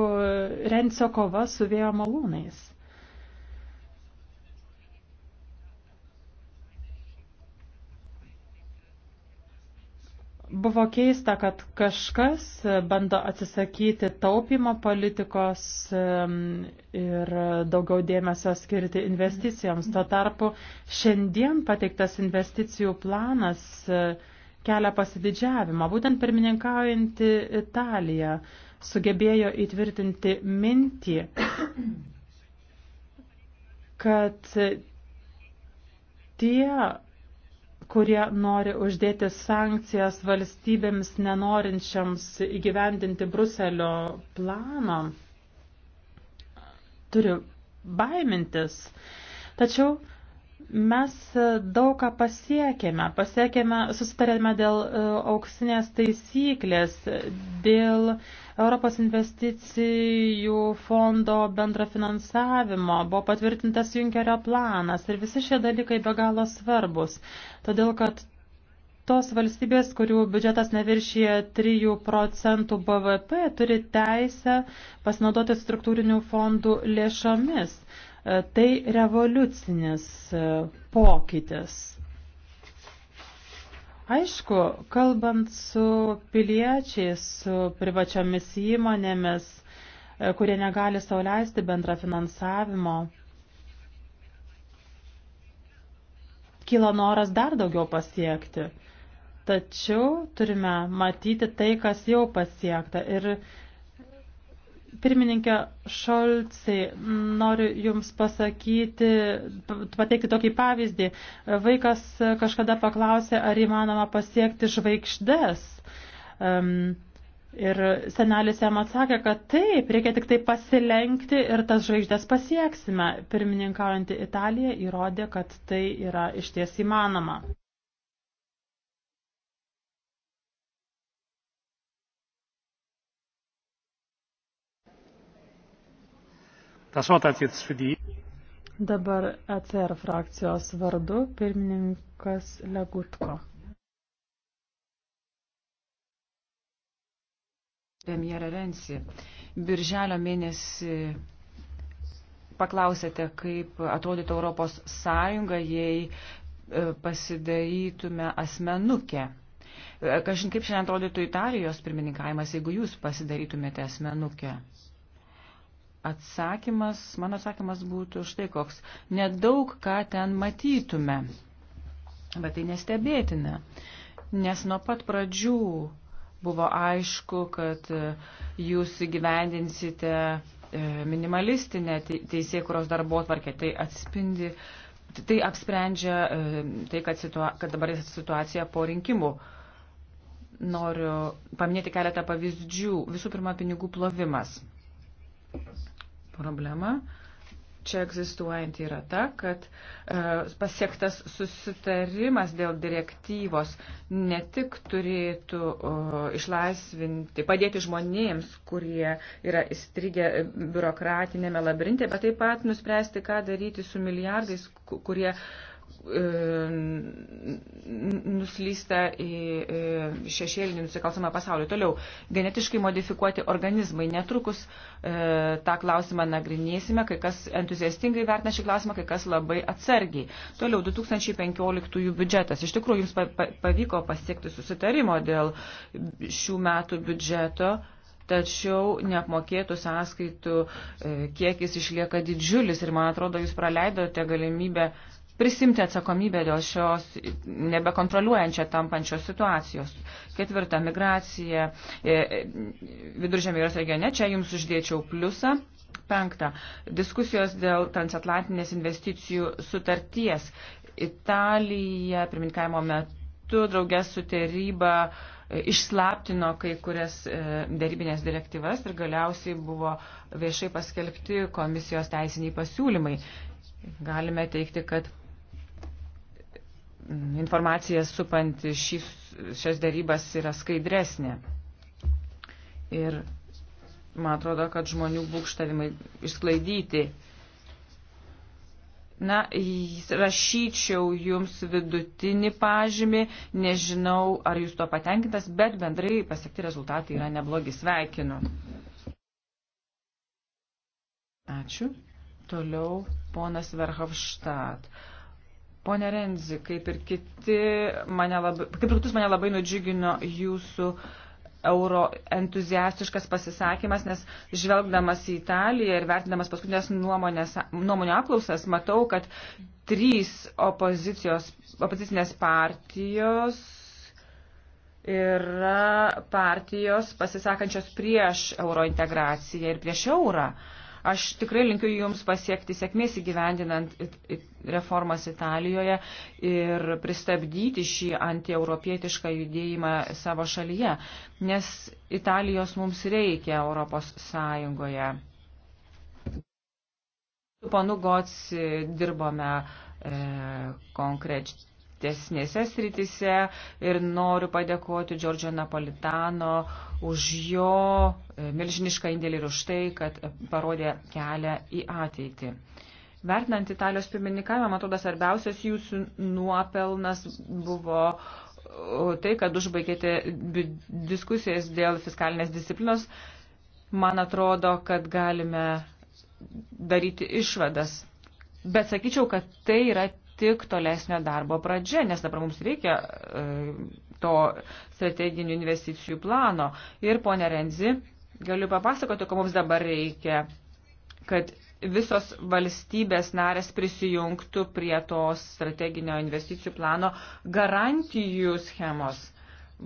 Rencio kova su vėjo malūnais. Buvo keista, kad kažkas e, bando atsisakyti taupimo politikos ir daugiau dėmesio skirti investicijoms. Tuo tarpu šiandien pateiktas investicijų planas e, kelia pasididžiavimą. Būtent pirmininkaujanti Italija sugebėjo įtvirtinti mintį, kad tie kurie nori uždėti sankcijas valstybėms nenorinčiams įgyvendinti Bruselio plano, turi baimintis. Tačiau Mes e, daug ką pasiekėme. Pasiekėme, susitarėme dėl e, auksinės taisyklės, dėl Europos investicijų fondo bendrafinansavimo, buvo patvirtintas Junkerio planas ir visi šie dalykai be galo svarbus. Todėl, kad tos valstybės, kurių biudžetas neviršyje 3 procentų BVP, turi teisę pasinaudoti struktūrinių fondų lėšomis. E, tai revoliucinis e, pokytis. Aišku, kalbant su piliečiais, su privačiomis įmonėmis, e, kurie negali sauliaisti bendra finansavimo, kyla noras dar daugiau pasiekti. Tačiau turime matyti tai, kas jau pasiekta ir Pirmininkė Šolcai, noriu Jums pasakyti, pateikti tokį pavyzdį. Vaikas kažkada paklausė, ar įmanoma pasiekti žvaigždes. Um, ir senelis jam atsakė, kad taip, reikia tik tai pasilenkti ir tas žvaigždes pasieksime. Pirmininkaujantį Italiją įrodė, kad tai yra išties įmanoma. Dabar ECR frakcijos vardu pirmininkas Legutko. Premjerė Rensi, birželio mėnesį paklausėte, kaip atrodytų Europos Sąjunga, jei e, pasidarytume asmenukę. E, kažin kaip šiandien atrodytų Italijos pirmininkavimas, jeigu jūs pasidarytumėte asmenukę atsakymas, mano atsakymas būtų štai koks. Nedaug ką ten matytume, bet tai nestebėtina, nes nuo pat pradžių buvo aišku, kad e, jūs įgyvendinsite e, minimalistinę teisėkuros darbo tvarkę. Tai atspindi, tai apsprendžia e, tai, kad, situa kad dabar situacija po rinkimų. Noriu paminėti keletą pavyzdžių. Visų pirma, pinigų plovimas. Problema čia egzistuojanti yra ta, kad e, pasiektas susitarimas dėl direktyvos ne tik turėtų e, išlaisvinti, padėti žmonėms, kurie yra įstrigę biurokratinėme labirinte, bet taip pat nuspręsti, ką daryti su milijardais, kurie E, nuslysta į e, šešėlinį nusikalstamą pasaulį. Toliau, genetiškai modifikuoti organizmai. Netrukus e, tą klausimą nagrinėsime, kai kas entuziastingai vertina šį klausimą, kai kas labai atsargiai. Toliau, 2015 biudžetas. Iš tikrųjų, jums pa, pa, pavyko pasiekti susitarimo dėl šių metų biudžeto tačiau neapmokėtų sąskaitų e, kiekis išlieka didžiulis ir man atrodo jūs praleidote galimybę uh, prisimti atsakomybę dėl šios nebekontroliuojančią tampančios situacijos. Ketvirta, migracija e, e, viduržėmė jūros regione, čia jums uždėčiau pliusą. Penkta, diskusijos dėl transatlantinės investicijų sutarties. Italija pirmininkavimo metu draugės su taryba e, išslaptino kai kurias darybinės direktyvas ir galiausiai buvo viešai paskelbti komisijos teisiniai pasiūlymai galime teikti, kad informacija supanti šis, šias darybas yra skaidresnė. Ir man atrodo, kad žmonių būkštavimai išsklaidyti. Na, rašyčiau jums vidutinį pažymį, nežinau, ar jūs to patenkintas, bet bendrai pasiekti rezultatai yra neblogi. Sveikinu. Ačiū. Toliau ponas Verhofštat. Uh, Pone Renzi, kaip ir, kiti mane labai, kaip ir kitus mane labai nudžiugino jūsų euro entuziastiškas pasisakymas, nes žvelgdamas į Italiją ir vertinamas paskutinės nuomonės, nuomonio aplausas, matau, kad trys opozicijos, opozicinės partijos yra partijos pasisakančios prieš euro integraciją ir prieš eurą. Uh, Aš tikrai linkiu Jums pasiekti sėkmės įgyvendinant reformas Italijoje ir pristabdyti šį antieuropietišką judėjimą savo šalyje, nes Italijos mums reikia Europos Sąjungoje. Su panu Gots dirbome e, konkrečiai platesnėse sritise ir noriu padėkoti Džordžio Napolitano už jo e, milžinišką indėlį ir už tai, kad e, parodė kelią į ateitį. Vertinant Italijos pirmininkavimą, man atrodo, svarbiausias jūsų nuopelnas buvo tai, kad užbaigėte diskusijas dėl fiskalinės disciplinos. Man atrodo, kad galime daryti išvadas. Bet sakyčiau, kad tai yra tik tolesnio darbo pradžia, nes dabar mums reikia e, to strateginių investicijų plano. Ir, ponė Renzi, galiu papasakoti, ko mums dabar reikia, kad visos valstybės narės prisijungtų prie tos strateginio investicijų plano garantijų schemos.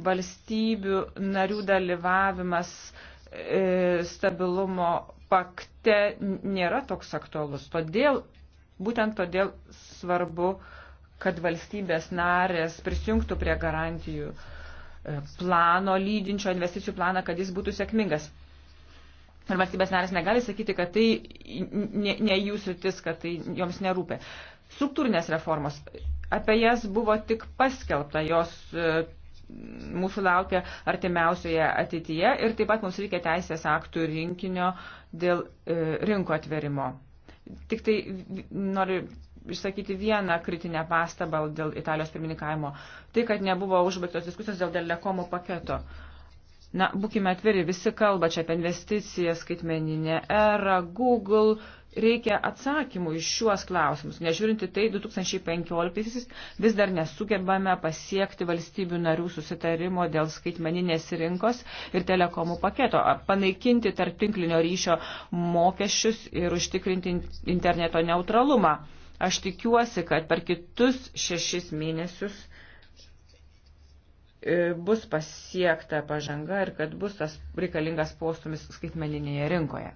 Valstybių narių dalyvavimas e, stabilumo pakte nėra toks aktualus. Todėl Būtent todėl svarbu, kad valstybės narės prisijungtų prie garantijų e, plano, lydinčio investicijų planą, kad jis būtų sėkmingas. Ir valstybės narės negali sakyti, kad tai ne, ne jų sritis, kad tai joms nerūpė. Struktūrinės reformos, apie jas buvo tik paskelbta, jos e, mūsų laukia artimiausioje ateityje ir taip pat mums reikia teisės aktų rinkinio dėl e, rinkų atverimo. Tik tai noriu išsakyti vieną kritinę pastabą dėl Italijos pirmininkavimo. Tai, kad nebuvo užbaigtos diskusijos dėl telekomų paketo. Na, būkime atviri, visi kalba čia apie investicijas, skaitmeninę erą, Google, reikia atsakymų iš šiuos klausimus. Nežiūrinti tai, 2015 vis dar nesugebame pasiekti valstybių narių susitarimo dėl skaitmeninės rinkos ir telekomų paketo, panaikinti tarp tinklinio ryšio mokesčius ir užtikrinti interneto neutralumą. Aš tikiuosi, kad per kitus šešis mėnesius e, bus pasiekta pažanga ir kad bus tas reikalingas postumis skaitmeninėje rinkoje.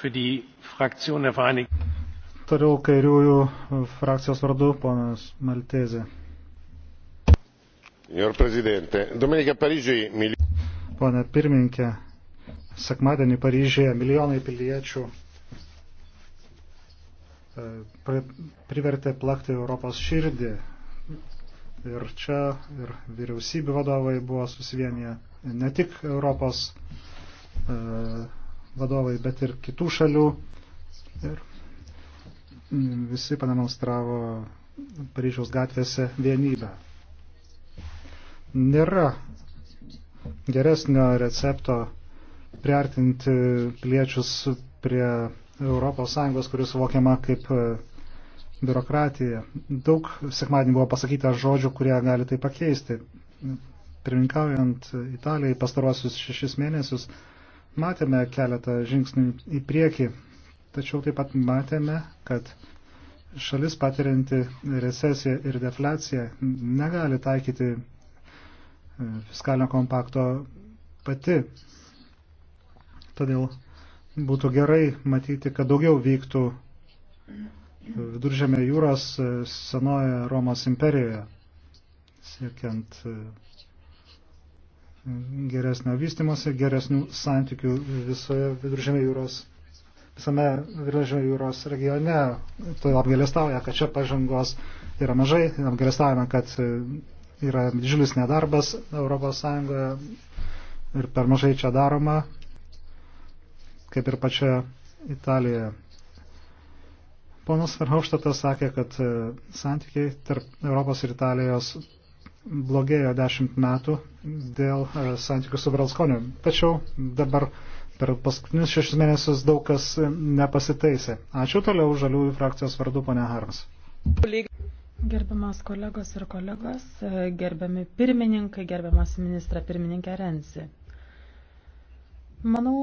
Toliau kairiųjų frakcijos vardu ponas Maltezė. Pone pirmininkė, sekmadienį Paryžėje milijonai piliečių e, privertė plakti Europos širdį. Ir čia ir vyriausybių vadovai buvo susivienyje ne tik Europos e, vadovai, bet ir kitų šalių. Ir mm, visi pademonstravo Paryžiaus gatvėse vienybę. Nėra geresnio recepto priartinti piliečius prie ES, kuris suvokiama kaip e, biurokratija. Daug sekmadienį buvo pasakyta žodžių, kurie gali tai pakeisti. Pirminkaujant Italijai pastaruosius šešis mėnesius matėme keletą žingsnių į priekį, tačiau taip pat matėme, kad šalis patirianti recesiją ir defliaciją negali taikyti e, fiskalinio kompakto pati. Todėl būtų gerai matyti, kad daugiau vyktų viduržėmė jūros e, senoje Romos imperijoje, siekiant e, geresnio vystimosi, geresnių santykių visoje viduržėmė jūros, visame viduržėmė jūros regione. Tai apgalėstauja, kad čia pažangos yra mažai, apgalėstaujame, kad yra didžiulis nedarbas ES ir per mažai čia daroma, kaip ir pačia Italijoje. Ponas Verhofštatas sakė, kad santykiai tarp Europos ir Italijos blogėjo dešimt metų dėl e, santykių su Vralskoniu. Tačiau dabar per paskutinius šešis mėnesius daug kas nepasiteisė. Ačiū toliau žaliųjų frakcijos vardu, ponia Harms. Gerbiamas kolegos ir kolegos, e, gerbiami pirmininkai, gerbiamas ministra pirmininkė Renzi. Manau,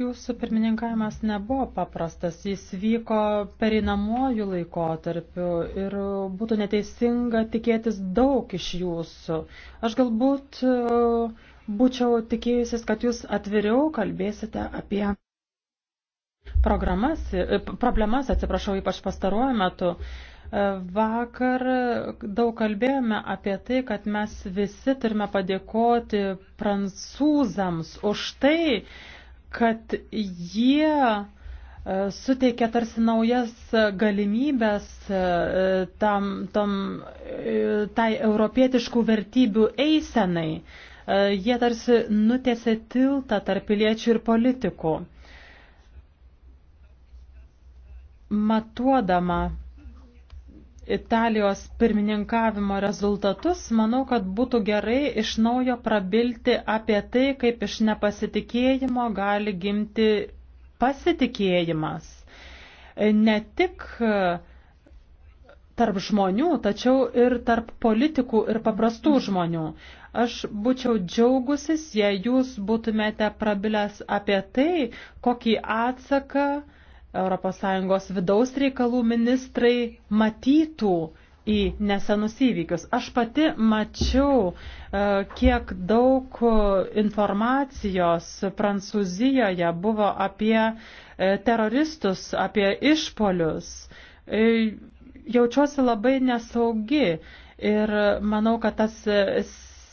Jūsų pirmininkavimas nebuvo paprastas, jis vyko pereinamojų laikotarpių ir būtų neteisinga tikėtis daug iš jūsų. Aš galbūt e, būčiau tikėjusis, kad jūs atviriau kalbėsite apie programas, e, problemas, atsiprašau, ypač pastaruoju metu. E, vakar daug kalbėjome apie tai, kad mes visi turime padėkoti prancūzams už tai, kad jie e, suteikia tarsi naujas galimybės e, tam, tam, e, tai europietiškų vertybių eisenai. Jie tarsi nutėsi tiltą tarp piliečių ir politikų. Matuodama Italijos pirmininkavimo rezultatus, manau, kad būtų gerai iš naujo prabilti apie tai, kaip iš nepasitikėjimo gali gimti pasitikėjimas. Ne tik e, tarp žmonių, tačiau ir tarp politikų ir paprastų žmonių. Aš būčiau džiaugusis, jei jūs būtumėte prabilęs apie tai, kokį atsaką uh, ES vidaus reikalų ministrai matytų į nesenus įvykius. Aš pati mačiau, e, kiek daug informacijos Prancūzijoje buvo apie e, teroristus, apie išpolius. E, jaučiuosi labai nesaugi ir manau, kad tas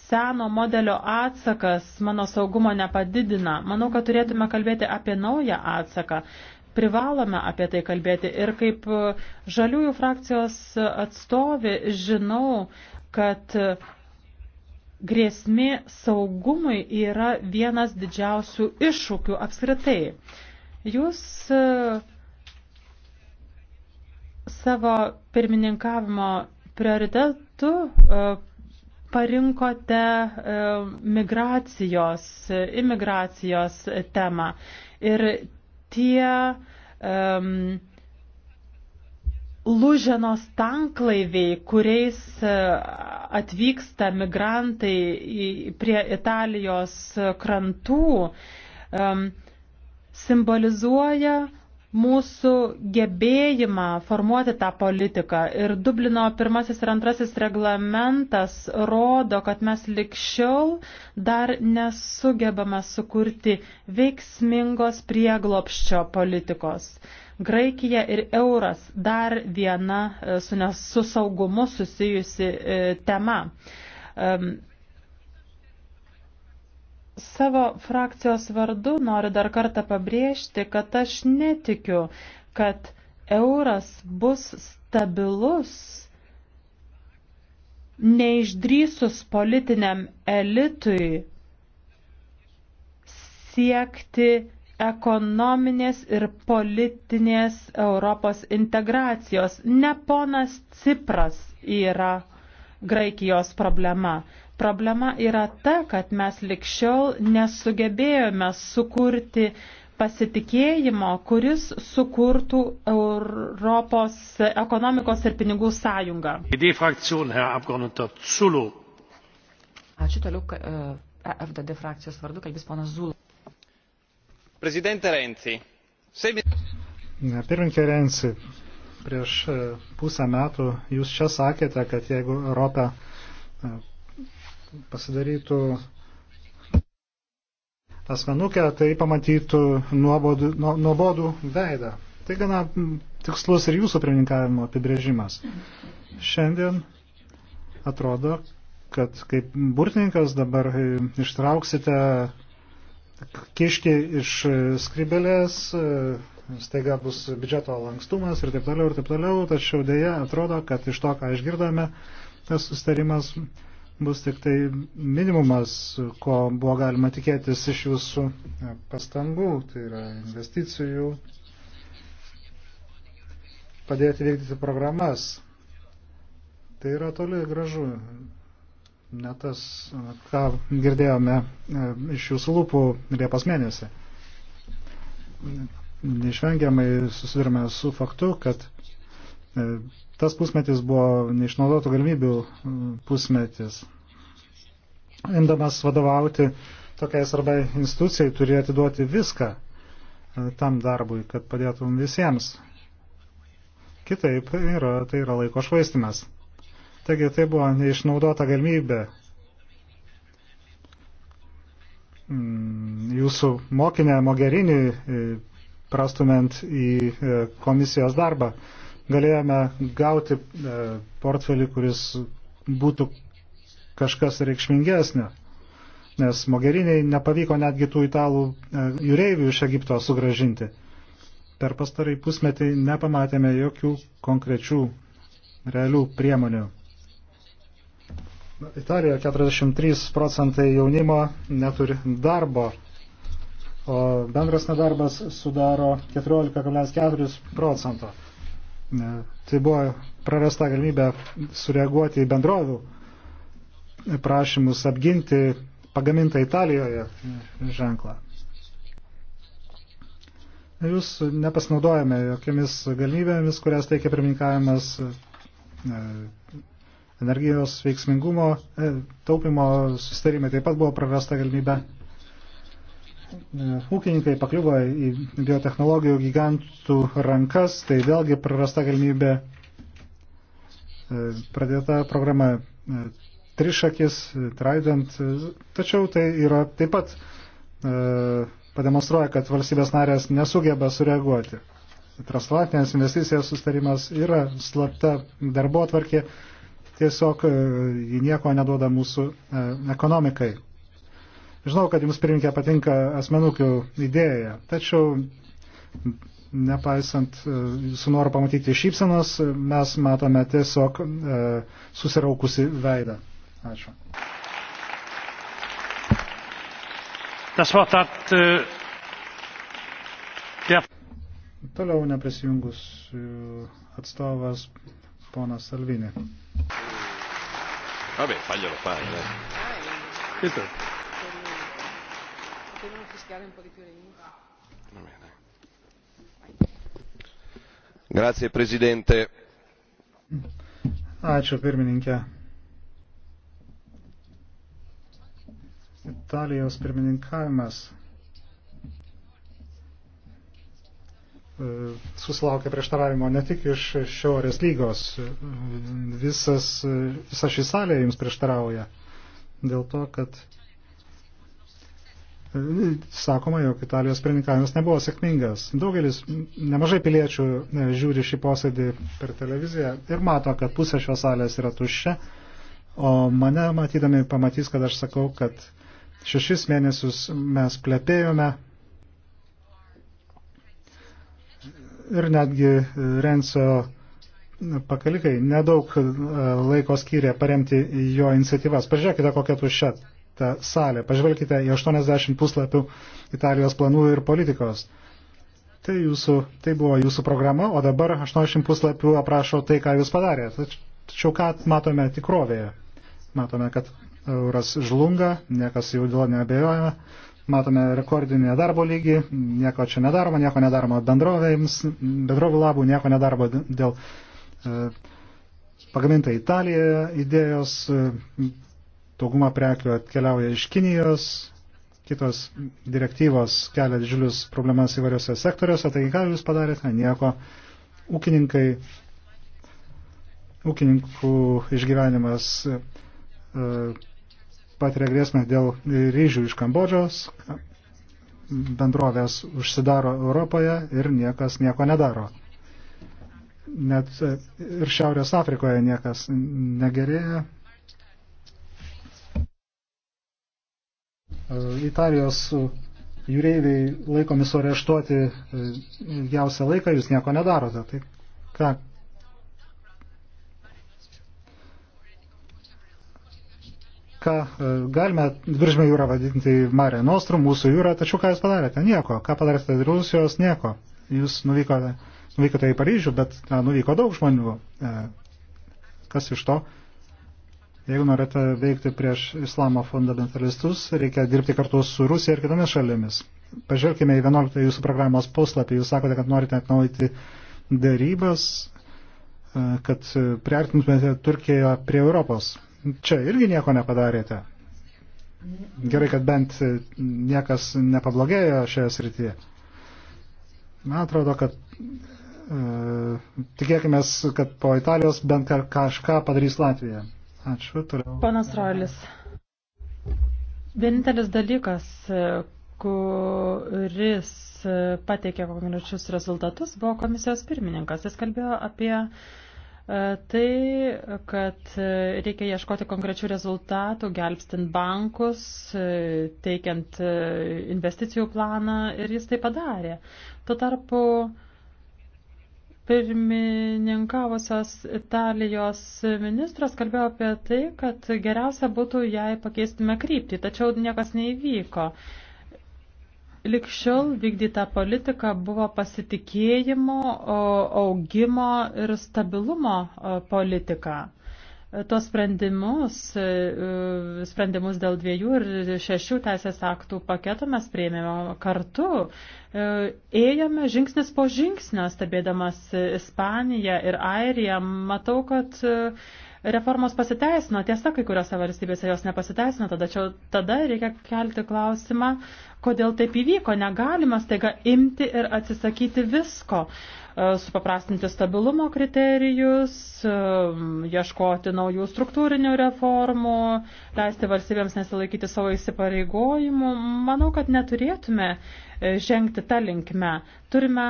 seno modelio atsakas mano saugumo nepadidina. Manau, kad turėtume kalbėti apie naują atsaką privalome apie tai kalbėti. Ir kaip žaliųjų frakcijos atstovė žinau, kad grėsmė saugumui yra vienas didžiausių iššūkių apskritai. Jūs e, savo pirmininkavimo prioritetu e, parinkote e, migracijos, imigracijos temą. Ir tie um, Lūženos tanklaiviai, kuriais e, atvyksta migrantai į, prie Italijos krantų, um, simbolizuoja mūsų gebėjimą formuoti tą politiką. Ir Dublino pirmasis ir antrasis reglamentas rodo, kad mes likščiau dar nesugebame sukurti veiksmingos prieglopščio politikos. Graikija ir euras dar viena e, su, su saugumu susijusi e, tema Savo frakcijos vardu noriu dar kartą pabrėžti, kad aš netikiu, kad euras bus stabilus, neišdrysus politiniam elitui siekti ekonominės ir politinės Europos integracijos. Ne ponas Cipras yra Graikijos problema. Problema yra ta, kad mes likščiol nesugebėjome sukurti pasitikėjimo, kuris sukurtų Europos ekonomikos ir pinigų sąjungą. Ačiū toliau e, FDD frakcijos vardu, kalbės ponas Zulo. Prezidente Renzi. Seimi... Pirminkė Renzi, prieš e, pusę metų jūs čia sakėte, kad jeigu Europa e, pasidarytų asmenukę, tai pamatytų nuobodų, nu, nuobodų veidą. Tai gana tikslus ir jūsų pirmininkavimo apibrėžimas. Šiandien atrodo, kad kaip burtininkas dabar e, ištrauksite kiški iš skribelės, e, staiga bus biudžeto lankstumas ir taip toliau ir taip toliau, tačiau dėja atrodo, kad iš to, ką išgirdome, tas sustarimas bus tik tai minimumas, ko buvo galima tikėtis iš jūsų pastangų, tai yra investicijų, padėti vykdyti programas. Tai yra toli gražu, ne tas, ką girdėjome e, iš jūsų lūpų Liepos mėnesį. Neišvengiamai susidurime su faktu, kad e, Tas pusmetis buvo neišnaudotų galimybių pusmetis. Imdamas vadovauti tokiai svarbiai institucijai turi atiduoti viską e, tam darbui, kad padėtum visiems. Kitaip yra, tai yra laiko švaistimas. Taigi tai buvo neišnaudota galimybė mm, jūsų mokinę Mogerinį e, prastumint į e, komisijos darbą galėjome gauti e, portfelį, kuris būtų kažkas reikšmingesnė, nes Mogheriniai nepavyko netgi tų italų e, jūreivių iš Egipto sugražinti. Per pastarai pusmetį nepamatėme jokių konkrečių realių priemonių. Italijoje 43 procentai jaunimo neturi darbo, o bendras nedarbas sudaro 14,4 procento. Tai buvo prarasta galimybė sureaguoti į bendrovių prašymus apginti pagamintą Italijoje ženklą. Jūs nepasinaudojame jokiamis galimybėmis, kurias teikia pirmininkavimas energijos veiksmingumo, e, taupimo sustarimai. Taip pat buvo prarasta galimybė ūkininkai pakliuvo į biotehnologijų gigantų rankas, tai vėlgi prarasta galimybė e, pradėta programa e, trišakis, e, traidant, tačiau tai yra taip pat pademonstruoja, kad valstybės narės nesugeba sureaguoti. Transatlantinės investicijos sustarimas yra slapta darbo atvarkė, tiesiog ji nieko neduoda mūsų ekonomikai. Žinau, kad jums pirinkė patinka asmenukių idėja, tačiau nepaisant e, jūsų norų pamatyti šypsenos, mes matome tiesiog e, susiraukusi veidą. Ačiū. Das Wort hat äh, e, der Toliau neprisijungus atstovas ponas Salvini. Vabbè, faglielo fare. Questo. Grazie, prezidente. Ačiū, pirmininkė. Italijos pirmininkavimas e, susilaukė prieštaravimo ne tik iš Šiaurės lygos, visas, visa ši salė jums prieštarauja dėl to, kad sakoma, jog Italijos pirmininkavimas nebuvo sėkmingas. Daugelis, nemažai piliečių e, žiūri šį posėdį per televiziją ir mato, kad pusė šios salės yra tuščia, o mane matydami pamatys, kad aš sakau, kad šešis mėnesius mes plepėjome ir netgi e, Rencio pakalikai nedaug e, laiko skyrė paremti jo iniciatyvas. Pažiūrėkite, kokia tuščia ta salė. Pažvelkite į 80 puslapių Italijos planų ir politikos. Tai, jūsų, tai buvo jūsų programa, o dabar 80 puslapių aprašo tai, ką jūs padarėte. Tačiau ką matome tikrovėje? Matome, kad euras žlunga, niekas jau dėl neabejojame, matome rekordinį nedarbo lygį, nieko čia nedaroma, nieko nedaroma bendrovėms, bendrovų labų, nieko nedaroma dėl e, pagaminta Italijoje idėjos, e, dauguma prekių atkeliauja iš Kinijos, kitos direktyvos kelia didžiulius problemas įvairiose sektoriuose, taigi ką jūs padarėte? Nieko. Ūkininkai, ūkininkų išgyvenimas e, patiria grėsmę dėl ryžių iš Kambodžos, bendrovės užsidaro Europoje ir niekas nieko nedaro. Net e, ir Šiaurės Afrikoje niekas negerėja, E, Italijos e, jūreiviai laikomi suareštuoti e, ilgiausią laiką, jūs nieko nedarote. Tai ką? Ką galime viržmę jūrą vadinti Mare Nostrum, mūsų jūrą, tačiau ką jūs padarėte? Nieko. Ką padarėte Rusijos? Nieko. Jūs nuvykote, nuvykote į Paryžių, bet na, nuvyko daug žmonių. Kas iš to? Jeigu norite veikti prieš islamo fundamentalistus, reikia dirbti kartu su Rusija ir kitomis šalimis. Pažvelkime į 11 jūsų programos puslapį. Jūs sakote, kad norite atnaujinti dėrybas, e, kad priartintumėte Turkiją prie Europos. Čia irgi nieko nepadarėte. Gerai, kad bent niekas nepablogėjo šioje srityje. Man atrodo, kad e, tikėkime, kad po Italijos bent kažką padarys Latvija. Ačiū toliau. Panas Rolis. Vienintelis dalykas, kuris pateikė konkrečius rezultatus, buvo komisijos pirmininkas. Jis kalbėjo apie e, tai, kad reikia ieškoti konkrečių rezultatų, gelbstint bankus, e, teikiant e, investicijų planą ir jis tai padarė. Tuo tarpu pirmininkavusios Italijos ministras kalbėjo apie tai, kad geriausia būtų, jei pakeistume kryptį, tačiau niekas neįvyko. Likščiol vykdyta politika buvo pasitikėjimo, augimo ir stabilumo politika tos sprendimus, e, e, sprendimus dėl dviejų ir šešių teisės aktų paketo mes prieimėme kartu. E, ėjome žingsnis po žingsnio, stebėdamas Ispaniją ir Airiją. Matau, kad Reformos pasiteisino, tiesa, kai kuriuose valstybėse jos nepasiteisino, tada, čia, tada reikia kelti klausimą, kodėl taip įvyko. Negalima staiga imti ir atsisakyti visko. E, supaprastinti stabilumo kriterijus, e, ieškoti naujų struktūrinių reformų, leisti valstybėms nesilaikyti savo įsipareigojimų. Manau, kad neturėtume e, žengti tą linkmę. Turime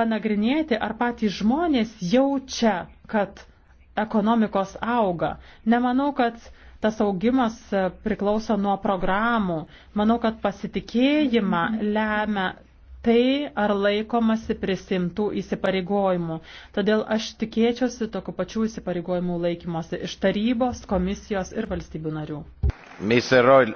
panagrinėti, ar patys žmonės jaučia, kad ekonomikos auga. Nemanau, kad tas augimas e, priklauso nuo programų. Manau, kad pasitikėjimą lemia tai, ar laikomasi prisimtų įsipareigojimų. Todėl aš tikėčiausi tokių pačių įsipareigojimų laikymosi iš tarybos, komisijos ir valstybių narių. Royal,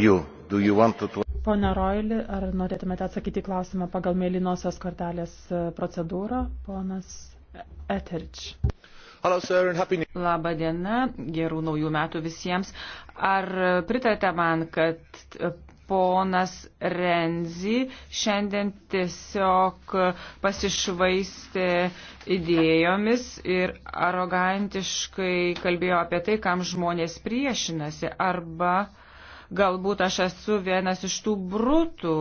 you. You to... Pone Roili, ar norėtumėte atsakyti klausimą pagal mėlynosios kortelės e, procedūrą? Ponas Eterč. Labą dieną, gerų naujų metų visiems. Ar pritarėte man, kad e, ponas Renzi šiandien tiesiog pasišvaistė idėjomis ir arogantiškai kalbėjo apie tai, kam žmonės priešinasi. Arba galbūt aš esu vienas iš tų brutų,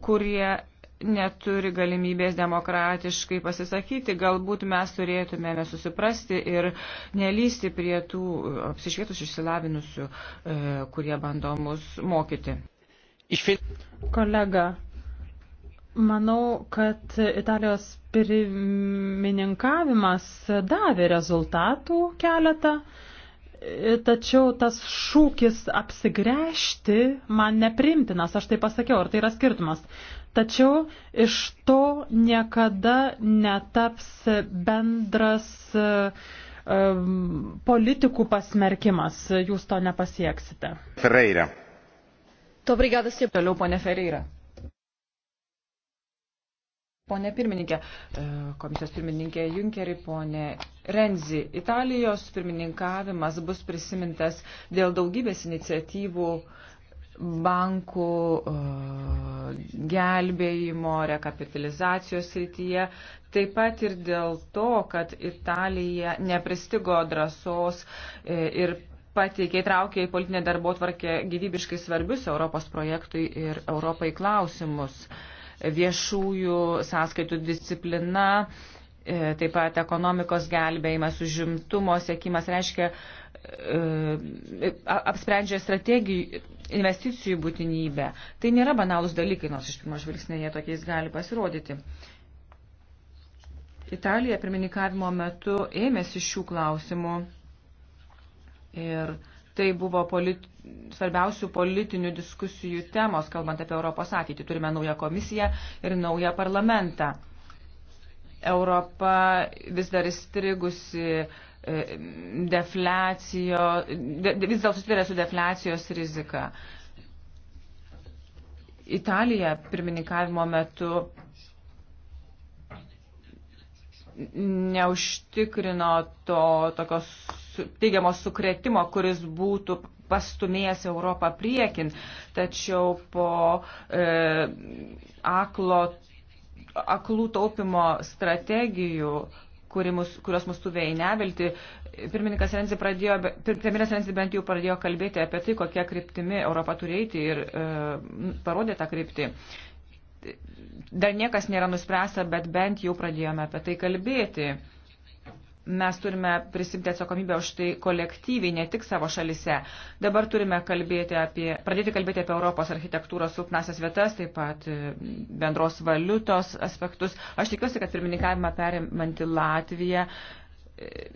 kurie neturi galimybės demokratiškai pasisakyti. Galbūt mes turėtumėme susiprasti ir nelysti prie tų apsišvietusių išsilavinusių, e, kurie bando mus mokyti. Kolega, manau, kad Italijos pirmininkavimas davė rezultatų keletą. E, tačiau tas šūkis apsigręžti man neprimtinas, aš tai pasakiau, ar tai yra skirtumas. Tačiau iš to niekada netaps bendras um, politikų pasmerkimas. Jūs to nepasieksite. Ferreira. Obrigada, sė... Toliau, ponė Ferreira. Pone pirmininkė, e, komisijos pirmininkė Junkerį, ponė Renzi, Italijos pirmininkavimas bus prisimintas dėl daugybės iniciatyvų uh, bankų e, gelbėjimo, rekapitalizacijos srityje, taip pat ir dėl to, kad Italija nepristigo drąsos e, ir pateikė įtraukė į politinę darbo tvarkę gyvybiškai svarbius Europos projektui ir Europai klausimus. Viešųjų sąskaitų disciplina, e, taip pat ekonomikos gelbėjimas, užimtumo sėkimas reiškia apsprendžia strategijų investicijų būtinybę. Tai nėra banalūs dalykai, nors iš pirmo žvilgsnio jie tokiais gali pasirodyti. Italija pirmininkavimo metu ėmėsi šių klausimų ir tai buvo polit, svarbiausių politinių diskusijų temos, kalbant apie Europos ateitį. Turime naują komisiją ir naują parlamentą. Europa vis dar įstrigusi E, deflacijo, de, vis dėlto susiduria su deflacijos rizika. Italija pirmininkavimo metu neužtikrino to tokios teigiamo sukretimo, kuris būtų pastumėjęs Europą priekin, tačiau po e, aklo, aklų taupimo strategijų mus, kurios mus tuvė į nevilti. Pirmininkas Renzi, pradėjo, premjeras Renzi bent jau pradėjo kalbėti apie tai, kokia kryptimi Europa turi eiti ir e, parodė tą kryptį. Dar niekas nėra nuspręsta, bet bent jau pradėjome apie tai kalbėti mes turime prisimti atsakomybę už tai kolektyviai, ne tik savo šalise. Dabar turime kalbėti apie, pradėti kalbėti apie Europos architektūros silpnasias vietas, taip pat e, bendros valiutos aspektus. Aš tikiuosi, kad pirmininkavimą perimanti Latviją e,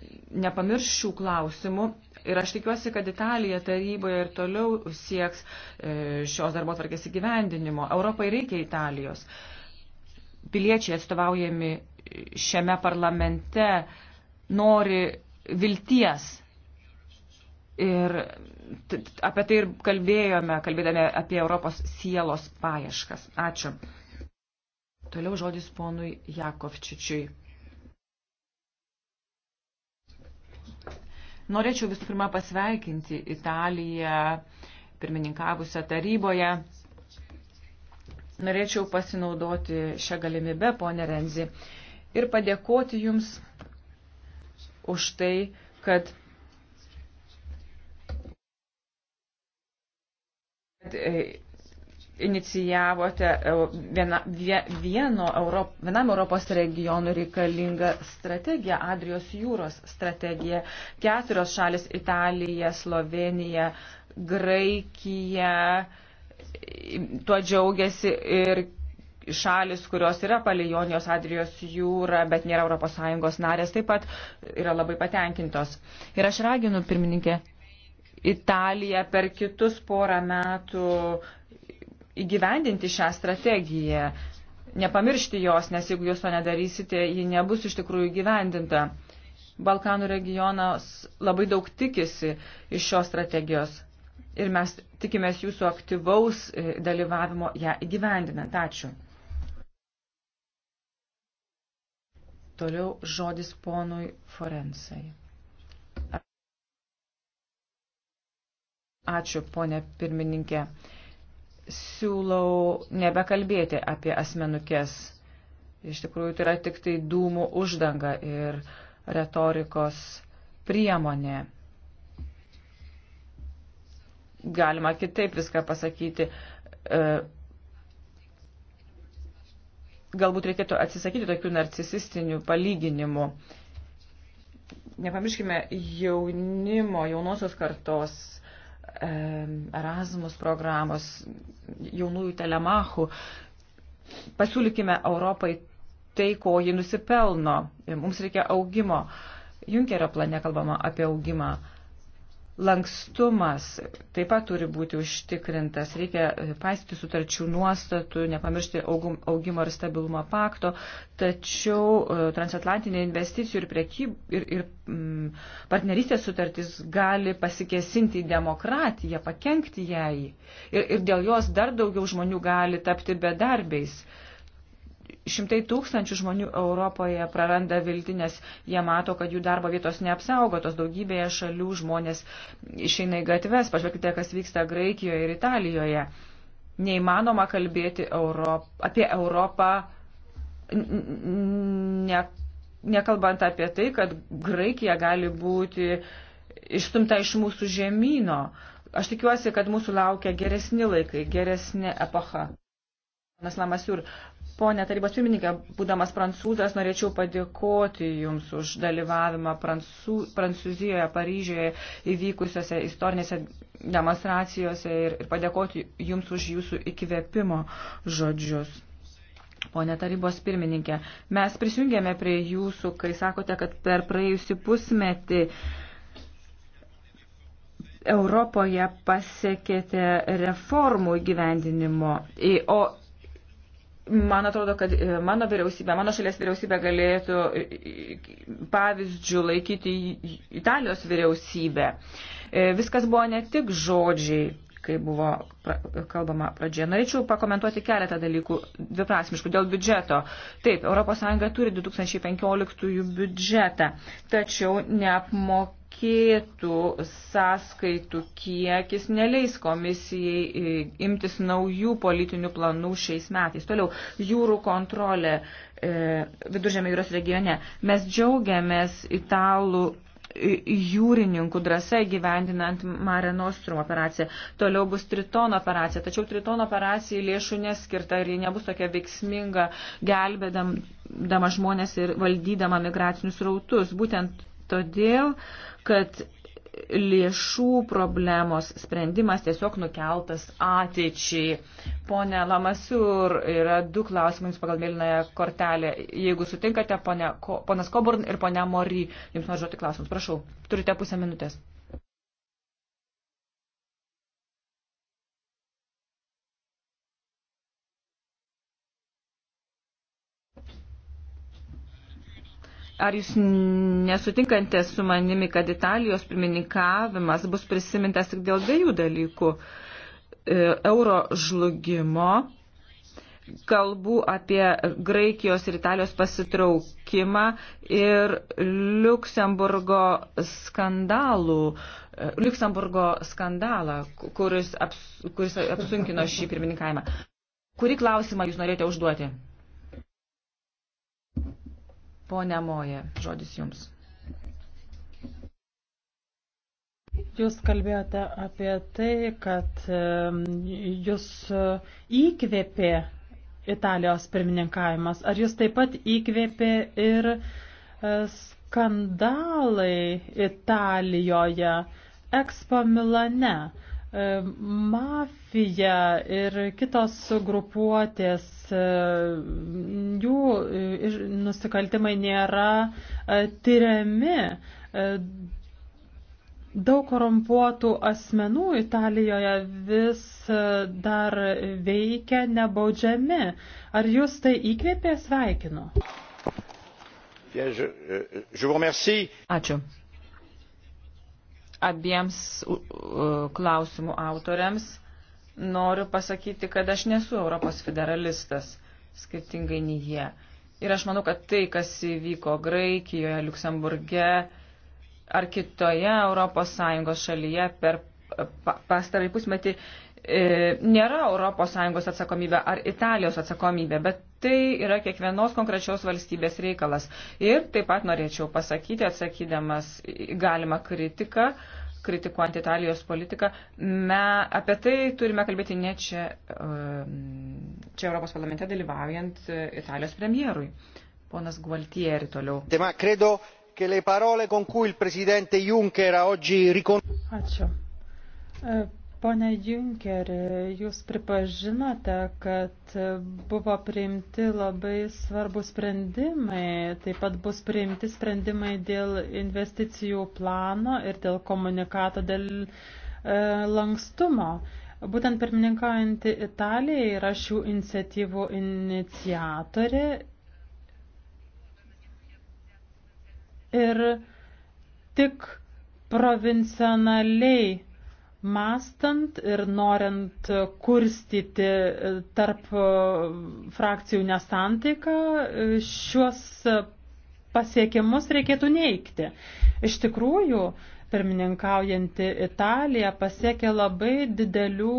nepamirš šių klausimų. Ir aš tikiuosi, kad Italija taryboje ir toliau sieks e, šios darbo tvarkės įgyvendinimo. Europai reikia Italijos. Piliečiai atstovaujami šiame parlamente nori vilties. Ir apie tai ir kalbėjome, kalbėdami apie Europos sielos paieškas. Ačiū. Toliau žodis ponui Jakovčičiui. Norėčiau visų pirma pasveikinti Italiją pirmininkavusią taryboje. Norėčiau pasinaudoti šią galimybę, ponė Renzi, ir padėkoti Jums už tai, kad e, inicijavote e, viena, vieno Europ, vienam Europos regionų reikalingą strategiją, Adrijos jūros strategiją. Keturios šalis - Italija, Slovenija, Graikija. Tuo džiaugiasi ir šalis, kurios yra Palijonijos Adrijos jūra, bet nėra ES narės, taip pat yra labai patenkintos. Ir aš raginu, pirmininkė, Italiją per kitus porą metų įgyvendinti šią strategiją, nepamiršti jos, nes jeigu jūs to nedarysite, ji nebus iš tikrųjų gyvendinta. Balkanų regionas labai daug tikisi iš šios strategijos ir mes tikimės jūsų aktyvaus e, dalyvavimo ją įgyvendinant. Ačiū. Toliau žodis ponui Forensai. Ačiū, ponė pirmininkė. Siūlau nebekalbėti apie asmenukės. Iš tikrųjų, tai yra tik tai dūmų uždanga ir retorikos priemonė. Galima kitaip viską pasakyti. E, galbūt reikėtų atsisakyti tokių narcisistinių palyginimų. Nepamirškime jaunimo, jaunosios kartos Erasmus programos, jaunųjų telemachų. Pasiūlykime Europai tai, ko ji nusipelno. Mums reikia augimo. Junkerio plane kalbama apie augimą. Lankstumas taip pat turi būti užtikrintas, reikia paisyti sutarčių nuostatų, nepamiršti augimo ir stabilumo pakto, tačiau e, transatlantinė investicijų ir, prekyb, ir, ir mm, partnerystės sutartis gali pasikesinti į demokratiją, pakenkti jai ir, ir dėl jos dar daugiau žmonių gali tapti bedarbiais. Uh, šimtai tūkstančių žmonių Europoje praranda viltį, nes jie mato, kad jų darbo vietos neapsaugotos. Daugybėje šalių žmonės išeina į gatves. Pažvelkite, kas vyksta Graikijoje ir Italijoje. Neįmanoma kalbėti Europ, apie Europą, ne, nekalbant apie tai, kad Graikija gali būti išstumta iš mūsų žemynų. Aš tikiuosi, kad mūsų laukia geresni laikai, geresnė epocha. Ponas Lamasiur, Pone tarybos pirmininkė, būdamas prancūzas, norėčiau padėkoti Jums už dalyvavimą Prancū, Prancūzijoje, Paryžioje įvykusiose istorinėse demonstracijose ir, ir padėkoti Jums už Jūsų įkvėpimo žodžius. Pone tarybos pirmininkė, mes prisijungėme prie Jūsų, kai sakote, kad per praėjusi pusmetį Europoje pasiekėte reformų įgyvendinimo, o Man atrodo, kad e, mano vyriausybė, mano šalies vyriausybė galėtų e, e, pavyzdžių laikyti Italijos vyriausybę. Viskas buvo ne tik žodžiai, kai buvo kalbama pradžioje. Norėčiau pakomentuoti keletą dalykų dviprasmiškų dėl biudžeto. Taip, ES turi 2015 biudžetą, tačiau neapmok nereikėtų sąskaitų kiekis, neleis komisijai e, imtis naujų politinių planų šiais metais. Toliau, jūrų kontrolė e, Viduržėmio jūros regione. Mes džiaugiamės italų e, jūrininkų drąsa gyvendinant Mare Nostrum operaciją. Toliau bus Tritono operacija, tačiau Tritono operacijai lėšų neskirta ir ji nebus tokia veiksminga gelbėdama žmonės ir valdydama migracinius rautus. Būtent todėl kad lėšų problemos sprendimas tiesiog nukeltas ateičiai. Pone Lamasiur, yra du klausimai jums pagal mėlynąją kortelę. Jeigu sutinkate, pone, ponas Koburn ir ponia Mori, jums noriu žodžiu klausimus. Prašau, turite pusę minutės. ar jūs nesutinkate su manimi, kad Italijos pirmininkavimas bus prisimintas tik dėl dviejų dalykų e, - euro žlugimo, kalbų apie Graikijos ir Italijos pasitraukimą ir Luxemburgo skandalų. E, Luxemburgo skandalą, kuris, aps, kuris apsunkino šį pirmininkavimą. Kurį klausimą jūs norėjote užduoti? Pone Moje, žodis jums. Jūs kalbėjote apie tai, kad jūs e, įkvėpė Italijos pirmininkavimas. Ar jūs taip pat įkvėpė ir e, skandalai Italijoje, Expo Milane? E, mafija ir kitos grupuotės, e, jų e, nusikaltimai nėra tyriami. Daug korumpuotų asmenų Italijoje vis dar veikia nebaudžiami. Ar jūs tai įkvėpė sveikinu? Euh, Ačiū abiems klausimų autoriams noriu pasakyti, kad aš nesu Europos federalistas, skirtingai nei jie. Ir aš manau, kad tai, kas įvyko Graikijoje, Luksemburge ar kitoje ES šalyje per e, pastarąjį pusmetį, e, nėra ES atsakomybė ar Italijos atsakomybė, bet Tai yra kiekvienos konkrečios valstybės reikalas. Ir taip pat norėčiau pasakyti, atsakydamas galima kritiką, kritikuojant Italijos politiką, me, apie tai turime kalbėti ne čia, e, čia Europos parlamente dalyvaujant e, Italijos premjerui. Ponas Gualtieri toliau. Ačiū. E, Pone Junkeri, jūs pripažinote, kad buvo priimti labai svarbus sprendimai, taip pat bus priimti sprendimai dėl investicijų plano ir dėl komunikato, dėl e, lankstumo. Būtent pirmininkaujantį Italiją yra šių iniciatyvų iniciatorė. Ir tik provincionaliai Mastant ir norint kurstyti e, tarp e, frakcijų nesantaiką, e, šiuos pasiekimus reikėtų neikti. Iš tikrųjų, pirmininkaujanti Italija pasiekė labai didelių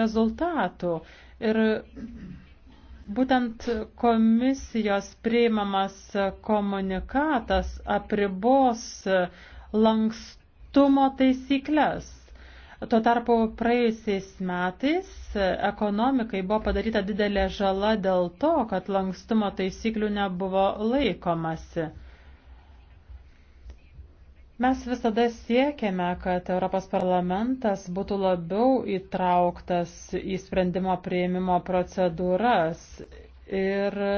rezultatų. Ir būtent komisijos priimamas komunikatas apribos lankstumo taisyklės Tuo tarpu praėjusiais metais ekonomikai buvo padaryta didelė žala dėl to, kad lankstumo taisyklių nebuvo laikomasi. Mes visada siekiame, kad Europos parlamentas būtų labiau įtrauktas į sprendimo prieimimo procedūras. Ir e,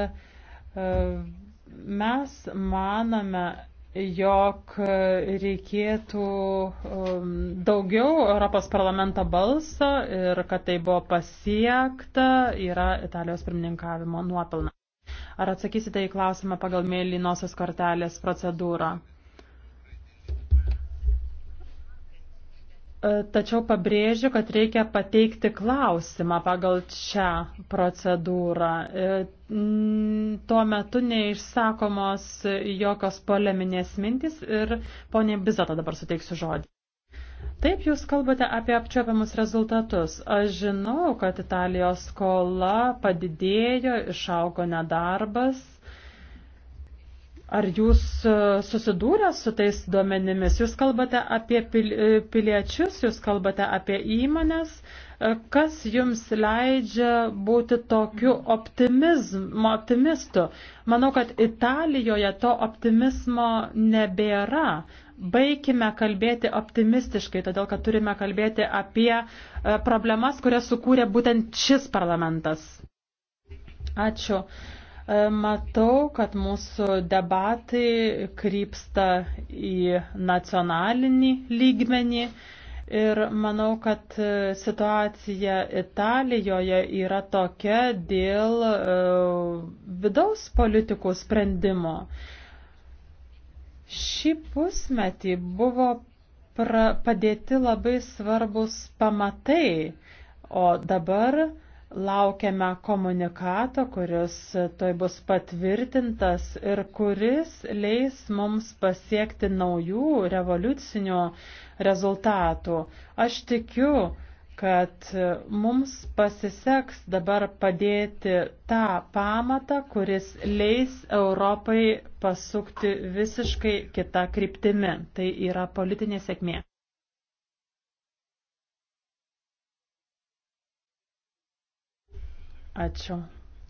mes manome, jog reikėtų um, daugiau Europos parlamento balso ir kad tai buvo pasiekta, yra Italijos pirmininkavimo nuopelna. Ar atsakysite į klausimą pagal mėlynosios kortelės procedūrą? E, tačiau pabrėžiu, kad reikia pateikti klausimą pagal šią procedūrą. E, tuo metu neišsakomos jokios poleminės mintis ir ponė Bizata dabar suteiksiu žodį. Taip jūs kalbate apie apčiopiamus rezultatus. Aš žinau, kad Italijos skola padidėjo, išaugo nedarbas Ar jūs e, susidūrę su tais duomenimis? Jūs kalbate apie e, piliečius, jūs kalbate apie įmonės. E, kas jums leidžia būti tokiu optimistu? Manau, kad Italijoje to optimizmo nebėra. Baikime kalbėti optimistiškai, todėl kad turime kalbėti apie problemas, kurias sukūrė būtent šis parlamentas. Ačiū. E, matau, kad mūsų debatai krypsta į nacionalinį lygmenį ir manau, kad e, situacija Italijoje yra tokia dėl e, vidaus politikų sprendimo. Šį pusmetį buvo padėti labai svarbus pamatai, o dabar Laukiame komunikato, kuris toj bus patvirtintas ir kuris leis mums pasiekti naujų revoliucinių rezultatų. Aš tikiu, kad mums pasiseks dabar padėti tą pamatą, kuris leis Europai pasukti visiškai kitą kryptimį. Tai yra politinė sėkmė. Ačiū.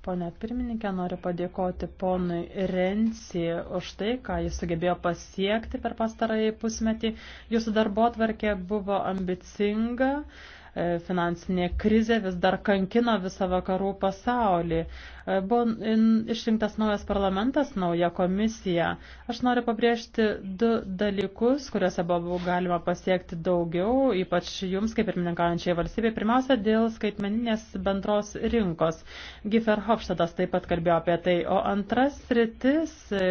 Pone pirmininkė, noriu padėkoti ponui Renci už tai, ką jis sugebėjo pasiekti per pastarąjį pusmetį. Jūsų darbo atvarkė buvo ambicinga, e, finansinė krizė vis dar kankino visą vakarų pasaulį. E, buvo išrinktas naujas parlamentas, nauja komisija. Aš noriu pabrėžti du dalykus, kuriuose buvo galima pasiekti daugiau, ypač jums, kaip ir mininkaujančiai valstybė. Pirmiausia, dėl skaitmeninės bendros rinkos. Gifer Hofštadas taip pat kalbėjo apie tai. O antras rytis, e,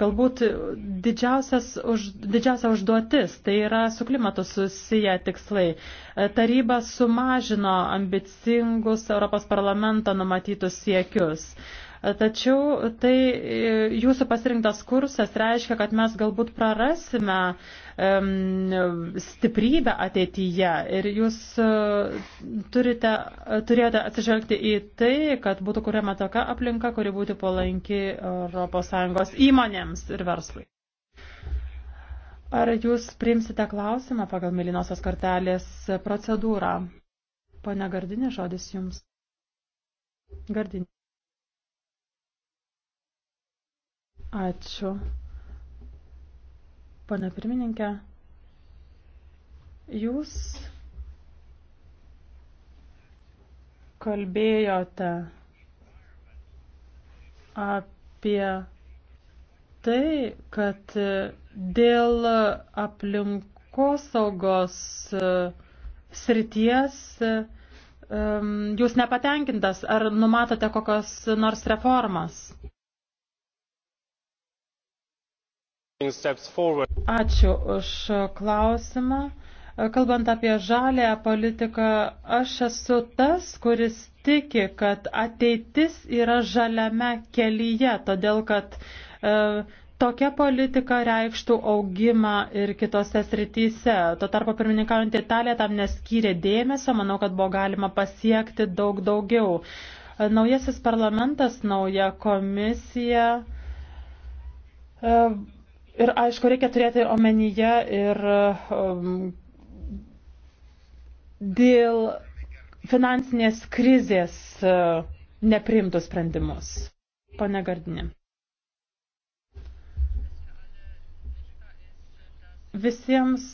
galbūt už, didžiausia užduotis, tai yra su klimatu susiję tikslai. E, taryba sumažino ambicingus Europos parlamento numatytus siekius siekius. Tačiau tai e, jūsų pasirinktas kursas reiškia, kad mes galbūt prarasime um, stiprybę ateityje ir jūs e, turite, turėjote atsižvelgti į tai, kad būtų kuriama tokia aplinka, kuri būtų palanki ES įmonėms ir verslui. Ar jūs priimsite klausimą pagal Milinosios kartelės procedūrą? Pone Gardinė, žodis jums. Gardinė. Ačiū. Pane pirmininkė, jūs kalbėjote apie tai, kad dėl aplinkosaugos srities jūs nepatenkintas, ar numatote kokios nors reformas? Ačiū už klausimą. Kalbant apie žalę politiką, aš esu tas, kuris tiki, kad ateitis yra žaliame kelyje, todėl kad e, Tokia politika reikštų augimą ir kitose srityse. Tuo tarpu pirmininkaujant Italija tam neskyrė dėmesio, manau, kad buvo galima pasiekti daug daugiau. Naujasis parlamentas, nauja komisija. E, Ir aišku, reikia turėti omenyje ir um, dėl finansinės krizės uh, neprimtus sprendimus. Pane Gardinė. Visiems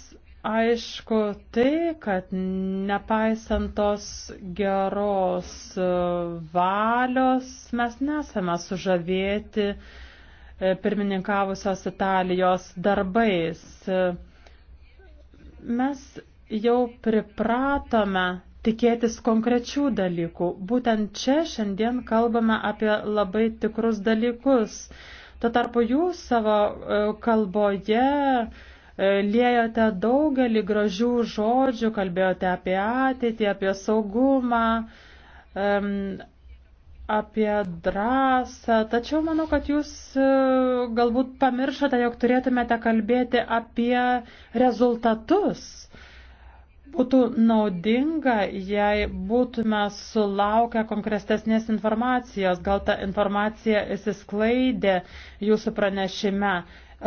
aišku tai, kad nepaisant tos geros uh, valios mes nesame sužavėti uh, E, pirmininkavusios Italijos darbais. E, mes jau pripratome tikėtis konkrečių dalykų. Būtent čia šiandien kalbame apie labai tikrus dalykus. Tuo tarpu jūs savo e, kalboje liejote daugelį gražių žodžių, kalbėjote apie ateitį, apie saugumą, apie drąsą, tačiau manau, kad jūs e, galbūt pamiršote, jog turėtumėte kalbėti apie rezultatus. Būtų naudinga, jei būtume sulaukę konkrestesnės informacijos, gal ta informacija įsisklaidė jūsų pranešime.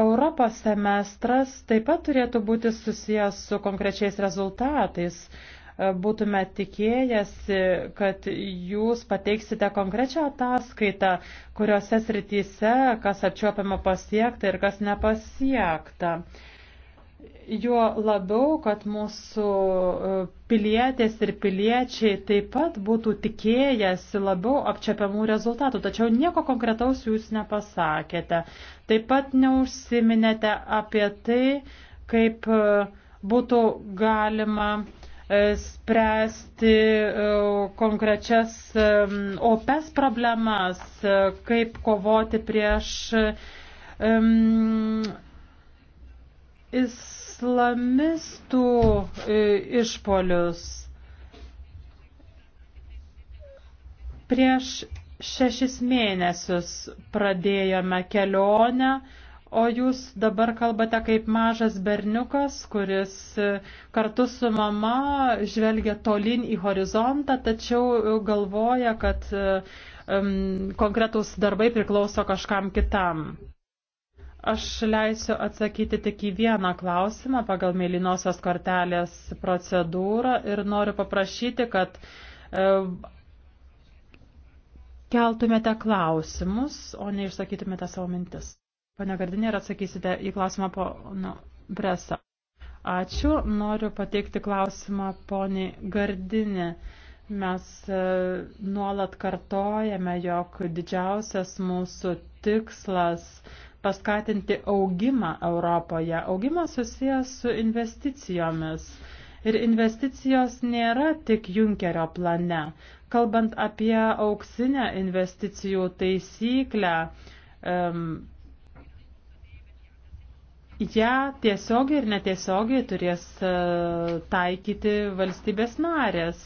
Europos semestras taip pat turėtų būti susijęs su konkrečiais rezultatais. Uh, būtume tikėjęsi, kad jūs pateiksite konkrečią ataskaitą, kuriuose srityse, kas apčiuopiama pasiekta ir kas nepasiekta. Juo labiau, kad mūsų e, pilietės ir piliečiai taip pat būtų tikėjęsi labiau apčiapiamų rezultatų, tačiau nieko konkretaus jūs nepasakėte. Taip pat neužsiminėte apie tai, kaip e, būtų galima uh, E, spręsti e, konkrečias e, opes problemas, kaip kovoti prieš um, islamistų išpolius. Prieš šešis mėnesius pradėjome kelionę O jūs dabar kalbate kaip mažas berniukas, kuris e, kartu su mama žvelgia tolin į horizontą, tačiau galvoja, kad um, konkretūs darbai priklauso kažkam kitam. Aš leisiu atsakyti tik į vieną klausimą pagal mėlynosios kortelės procedūrą ir noriu paprašyti, kad um, keltumėte klausimus, o ne išsakytumėte savo mintis. Pane Gardinė, ir atsakysite į klausimą po nu, Bresa. Ačiū. Noriu pateikti klausimą poniai Gardinė. Mes e, nuolat kartojame, jog didžiausias mūsų tikslas paskatinti augimą Europoje. Augimas susijęs su investicijomis. Ir investicijos nėra tik Junkerio plane. Kalbant apie auksinę investicijų taisyklę, um, ją ja, tiesiogiai ir netiesiogiai turės e, taikyti valstybės narės.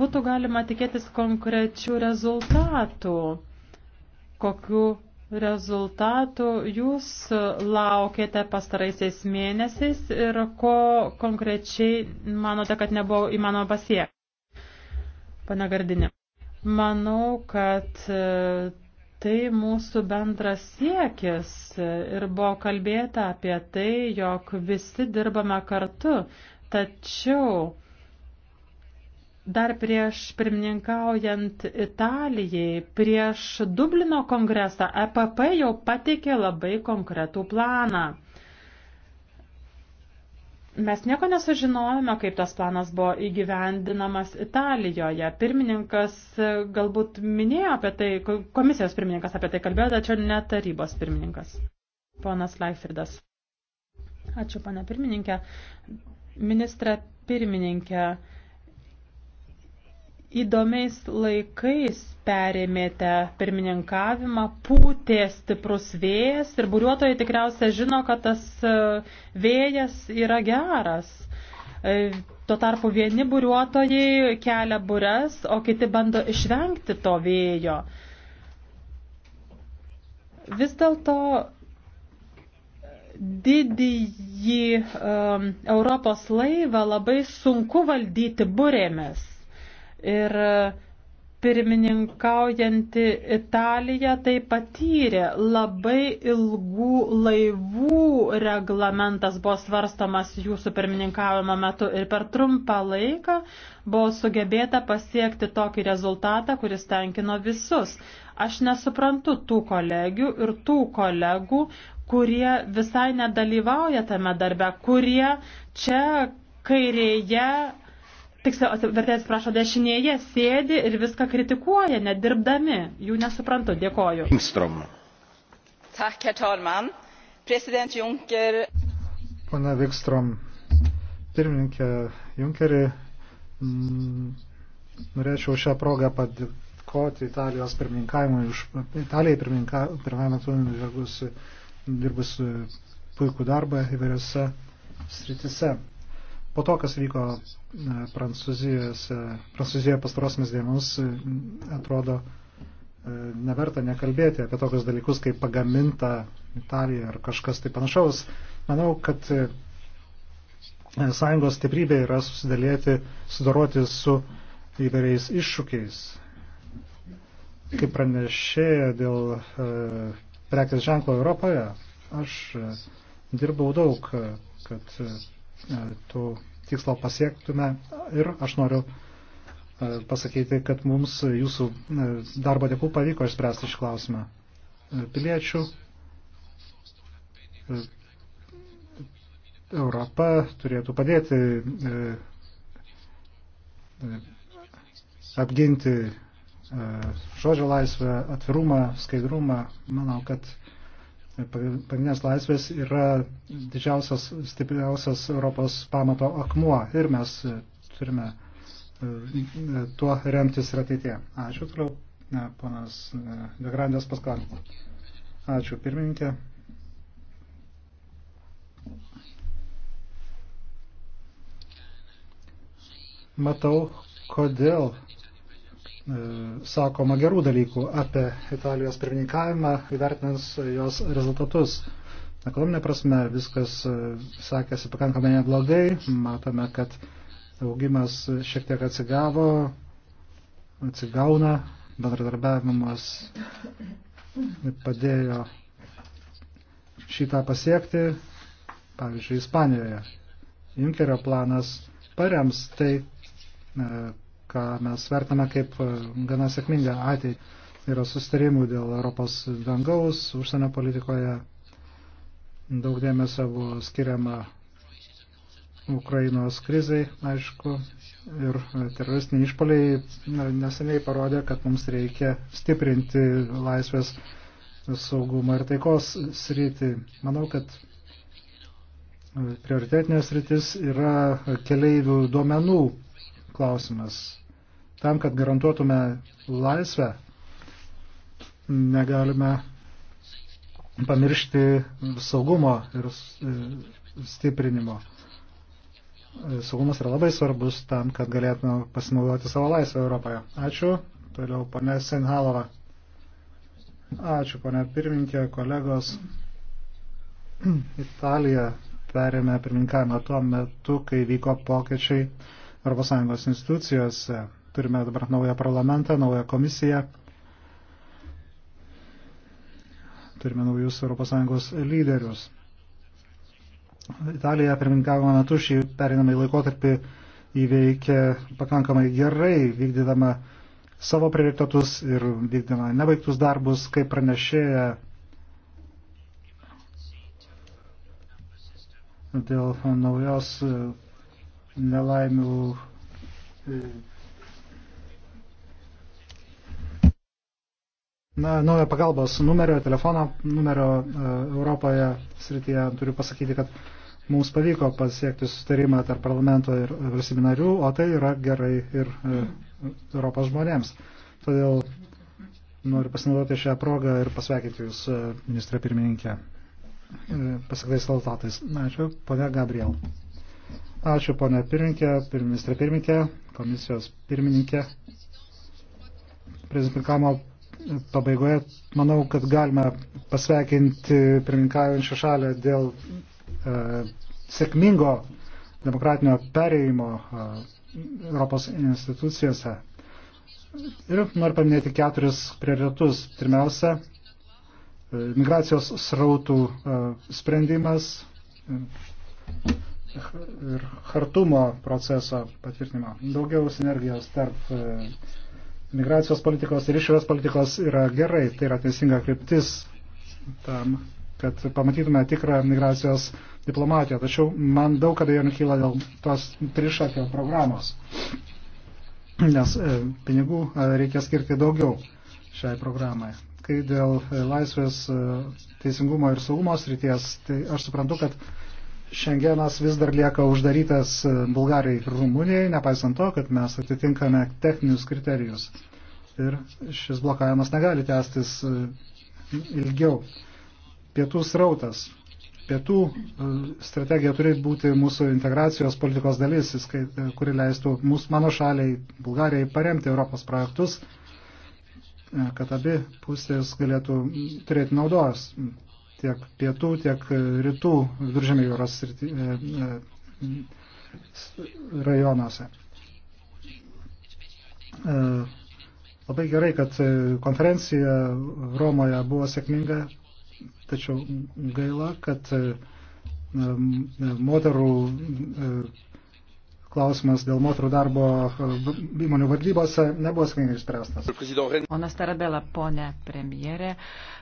Būtų galima tikėtis konkrečių rezultatų. Kokiu rezultatų jūs laukėte pastaraisiais mėnesiais ir ko konkrečiai manote, kad nebuvo įmanoma pasiekti? Pane Gardinė, manau, kad e, Tai mūsų bendras siekis ir buvo kalbėta apie tai, jog visi dirbame kartu. Tačiau dar prieš pirmininkaujant Italijai, prieš Dublino kongresą, EPP jau pateikė labai konkretų planą. Mes nieko nesužinojome, kaip tas planas buvo įgyvendinamas Italijoje. Pirmininkas e, galbūt minėjo apie tai, komisijos pirmininkas apie tai kalbėjo, tačiau ne tarybos pirmininkas. Ponas Leifridas. Ačiū, pane pirmininkė. Ministra pirmininkė įdomiais laikais perėmėte pirmininkavimą, pūtė stiprus vėjas ir buriuotojai tikriausia žino, kad tas e, vėjas yra geras. E, tuo tarpu vieni buriuotojai kelia bures, o kiti bando išvengti to vėjo. Vis dėlto didįjį um, Europos laivą labai sunku valdyti burėmis. Ir pirmininkaujanti Italija tai patyrė. Labai ilgų laivų reglamentas buvo svarstomas jūsų pirmininkavimo metu ir per trumpą laiką buvo sugebėta pasiekti tokį rezultatą, kuris tenkino visus. Aš nesuprantu tų kolegių ir tų kolegų, kurie visai nedalyvauja tame darbe, kurie čia kairėje tiksliau, vertėjas prašo dešinėje, sėdi ir viską kritikuoja, nedirbdami. Jų nesuprantu, dėkoju. Ingstrom. Tak, herr talman. President Juncker. Pana Vikstrom, pirmininkė Junkerį, m, mm, norėčiau šią progą padėkoti Italijos pirmininkavimui, už Italijai pirmininkavimą dirbus, dirbus puikų darbą įvairiose sritise. Po to, kas vyko e, Prancūzijoje pastarosiamis dienomis, e, atrodo, e, neverta nekalbėti apie tokius dalykus, kaip pagaminta Italija ar kažkas tai panašaus. Manau, kad sąjungos stiprybė yra susidalėti, sudoroti su įvairiais iššūkiais. Kaip pranešėja dėl prekės ženklo Europoje, aš dirbau daug, kad E, to tikslo pasiektume. Ir aš noriu e, pasakyti, kad mums jūsų e, darbo dėkų pavyko išspręsti šį klausimą. Piliečių Europa turėtų padėti apginti žodžio laisvę, atvirumą, skaidrumą. Manau, kad pagrindinės laisvės yra didžiausias, stipriausias Europos pamato akmuo ir mes e, turime e, tuo remtis ir ateitie. Ačiū toliau, ponas e, Degrandės Paskal. Ačiū pirmininkė. Matau, kodėl E, sakoma gerų dalykų apie Italijos pirmininkavimą, įvertinant jos rezultatus. Ekonominė prasme viskas e, sakėsi pakankamai neblogai, matome, kad augimas šiek tiek atsigavo, atsigauna, bendradarbiavimas padėjo šitą pasiekti, pavyzdžiui, Ispanijoje. Junkerio planas parems tai e, ką mes vertiname kaip e, gana sėkmingą ateitį. Yra sustarimų dėl Europos dangaus, užsienio politikoje daug dėmesio buvo skiriama Ukrainos krizai, aišku, ir teroristiniai išpoliai neseniai parodė, kad mums reikia stiprinti laisvės saugumą ir taikos sritį. Manau, kad e, prioritetinės sritis yra keleivių duomenų klausimas. Tam, kad garantuotume laisvę, negalime pamiršti saugumo ir e, stiprinimo. E, saugumas yra labai svarbus tam, kad galėtume pasinaudoti savo laisvę Europoje. Ačiū. Toliau ponė Senhalova. Ačiū, ponė pirmininkė, kolegos. Italija perėmė pirmininkavimą tuo metu, kai vyko pokyčiai ES institucijose. Turime dabar naują parlamentą, naują komisiją. Turime naujus ES lyderius. Italija pirmininkavimo metu šį perinamąjį laikotarpį įveikė pakankamai gerai, vykdydama savo prioritetus ir vykdama nebaigtus darbus, kaip pranešėja dėl naujos nelaimių naujo pagalbos numerio, telefono numerio e, Europoje srityje, turiu pasakyti, kad mums pavyko pasiekti sustarimą tarp parlamento ir valstybių narių, o tai yra gerai ir e, Europos žmonėms. Todėl noriu pasinaudoti šią progą ir pasveikinti Jūs, e, ministrė pirmininkė, pasiektais rezultatais. Ačiū, ponia Gabriel. Ačiū, ponia pirmininkė, ministrė pirmininkė, komisijos pirmininkė. Prezidentavimo pabaigoje manau, kad galime pasveikinti pirmininkaujančią šalį dėl e, sėkmingo demokratinio perėjimo e, Europos institucijose. Ir noriu paminėti keturis prioritetus. Pirmiausia, e, migracijos srautų e, sprendimas e, ir hartumo proceso patvirtinimo. Daugiau sinergijos tarp e, migracijos politikos ir išorės politikos yra gerai, tai yra teisinga kryptis tam, kad pamatytume tikrą migracijos diplomatiją. Tačiau man daug abejonių kyla dėl tos trišakio programos, nes e, pinigų e, reikia skirti daugiau šiai programai. Kai dėl e, laisvės, teisingumo ir saugumos ryties, tai aš suprantu, kad Šengenas vis dar lieka uždarytas e, Bulgarijai ir Rumunijai, nepaisant to, kad mes atitinkame techninius kriterijus. Ir šis blokavimas negali tęstis e, ilgiau. Pietų srautas. Pietų e, strategija turi būti mūsų integracijos politikos dalis, kuri leistų mūsų, mano šaliai, Bulgarijai, paremti Europos projektus, kad abi pusės galėtų turėti naudos tiek pietų, tiek rytų viduržėmė jūros e, e, rajonuose. E, labai gerai, kad konferencija Romoje buvo sėkminga, tačiau gaila, kad moterų klausimas dėl moterų darbo e, įmonių valdybose nebuvo sėkmingai išspręstas. Ponas Tarabela, ponė premjerė,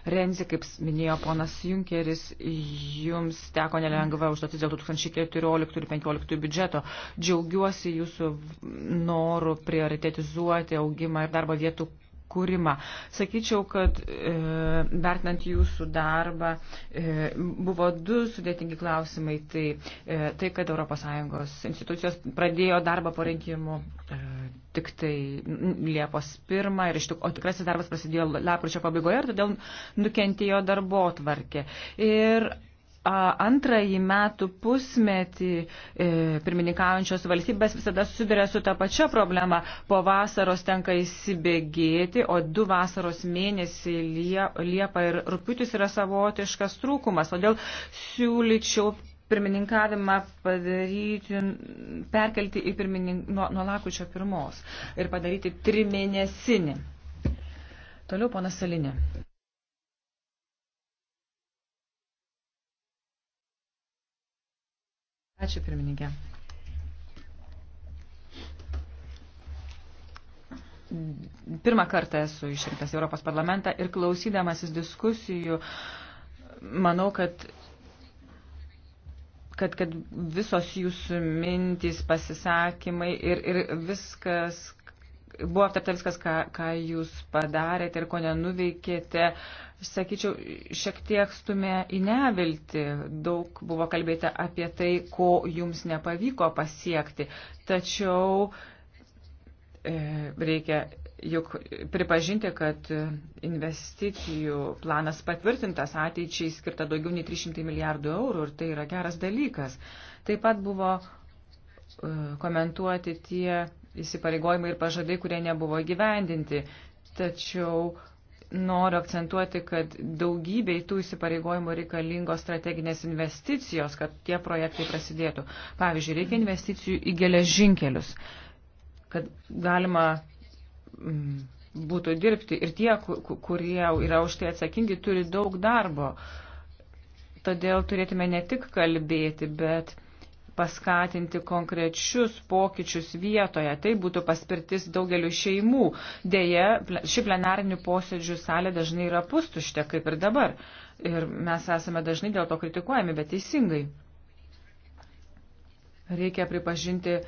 Renzi, kaip minėjo ponas Junkeris, jums teko nelengva užduotis dėl 2014 ir 2015 biudžeto. Džiaugiuosi jūsų norų prioritetizuoti augimą ir darbo vietų kūrimą. Sakyčiau, kad e, vertinant jūsų darbą, e, buvo du sudėtingi klausimai. Tai, e, tai kad ES institucijos pradėjo darbą po rinkimų e, tik tai Liepos 1, ir, tik, o tikrasis darbas prasidėjo lapkričio pabaigoje ir todėl nukentėjo darbo tvarkė. Ir antrąjį metų pusmetį e, pirmininkaujančios valstybės visada susiduria su ta pačia problema. Po vasaros tenka įsibėgėti, o du vasaros mėnesiai lie, Liepa ir Rūpiutis yra savotiškas trūkumas. Todėl siūlyčiau pirmininkavimą padaryti, perkelti į pirmininką nuo, nuo lakučio pirmos ir padaryti trimėnesinį. Toliau, ponas Salinė. Ačiū pirmininkė. Pirmą kartą esu išrinktas Europos parlamentą ir klausydamasis diskusijų, manau, kad kad, kad visos jūsų mintys, pasisakymai ir, ir viskas, buvo aptarta viskas, ką, ką jūs padarėte ir ko nenuveikėte. Sakyčiau, šiek tiek stumė į nevilti. Daug buvo kalbėta apie tai, ko jums nepavyko pasiekti. Tačiau e, reikia juk pripažinti, kad investicijų planas patvirtintas ateičiai skirta daugiau nei 300 milijardų eurų ir tai yra geras dalykas. Taip pat buvo e, komentuoti tie įsipareigojimai ir pažadai, kurie nebuvo gyvendinti. Tačiau noriu akcentuoti, kad daugybei tų įsipareigojimų reikalingos strateginės investicijos, kad tie projektai prasidėtų. Pavyzdžiui, reikia investicijų į geležinkelius, kad galima mm, būtų dirbti ir tie, kurie yra už tai atsakingi, turi daug darbo. Todėl turėtume ne tik kalbėti, bet paskatinti konkrečius pokyčius vietoje. Tai būtų paspirtis daugeliu šeimų. Deja, ši plenarinių posėdžių salė dažnai yra pustuštė, kaip ir dabar. Ir mes esame dažnai dėl to kritikuojami, bet teisingai. Reikia pripažinti,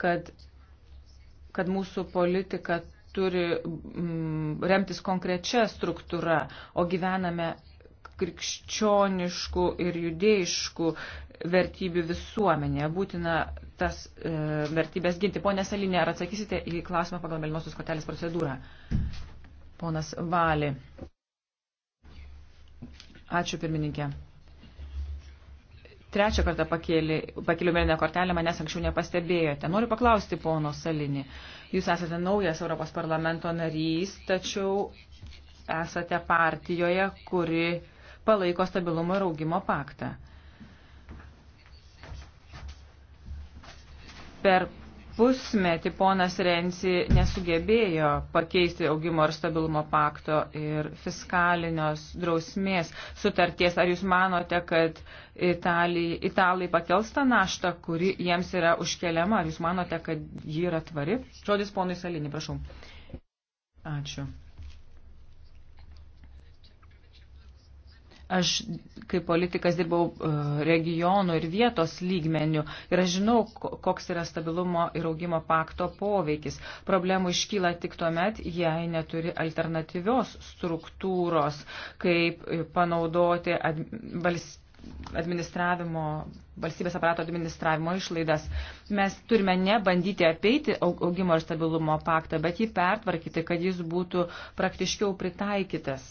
kad, kad mūsų politika turi mm, remtis konkrečia struktūra, o gyvename krikščioniškų ir judėjiškų vertybių visuomenėje. Būtina tas e, vertybės ginti. Pone Salinė, ar atsakysite į klausimą pagal Melinosios kortelės procedūrą? Ponas Vali. Ačiū pirmininkė. Trečią kartą pakėliau mėlyną kortelę, manęs anksčiau nepastebėjote. Noriu paklausti, pono Salinį, jūs esate naujas Europos parlamento narys, tačiau esate partijoje, kuri palaiko stabilumo ir augimo paktą. per pusmetį ponas Rensi nesugebėjo pakeisti augimo ir stabilumo pakto ir fiskalinios drausmės sutarties. Ar jūs manote, kad Italij, italai pakels tą naštą, kuri jiems yra užkeliama? Ar jūs manote, kad ji yra tvari? Žodis ponui Salinį, prašau. Ačiū. Aš kaip politikas dirbau e, regionų ir vietos lygmenių ir aš žinau, koks yra stabilumo ir augimo pakto poveikis. Problemų iškyla tik tuomet, jei neturi alternatyvios struktūros, kaip e, panaudoti valstybės administravimo, valstybės aparato administravimo išlaidas. Mes turime ne bandyti apeiti augimo ir stabilumo paktą, bet jį pertvarkyti, kad jis būtų praktiškiau pritaikytas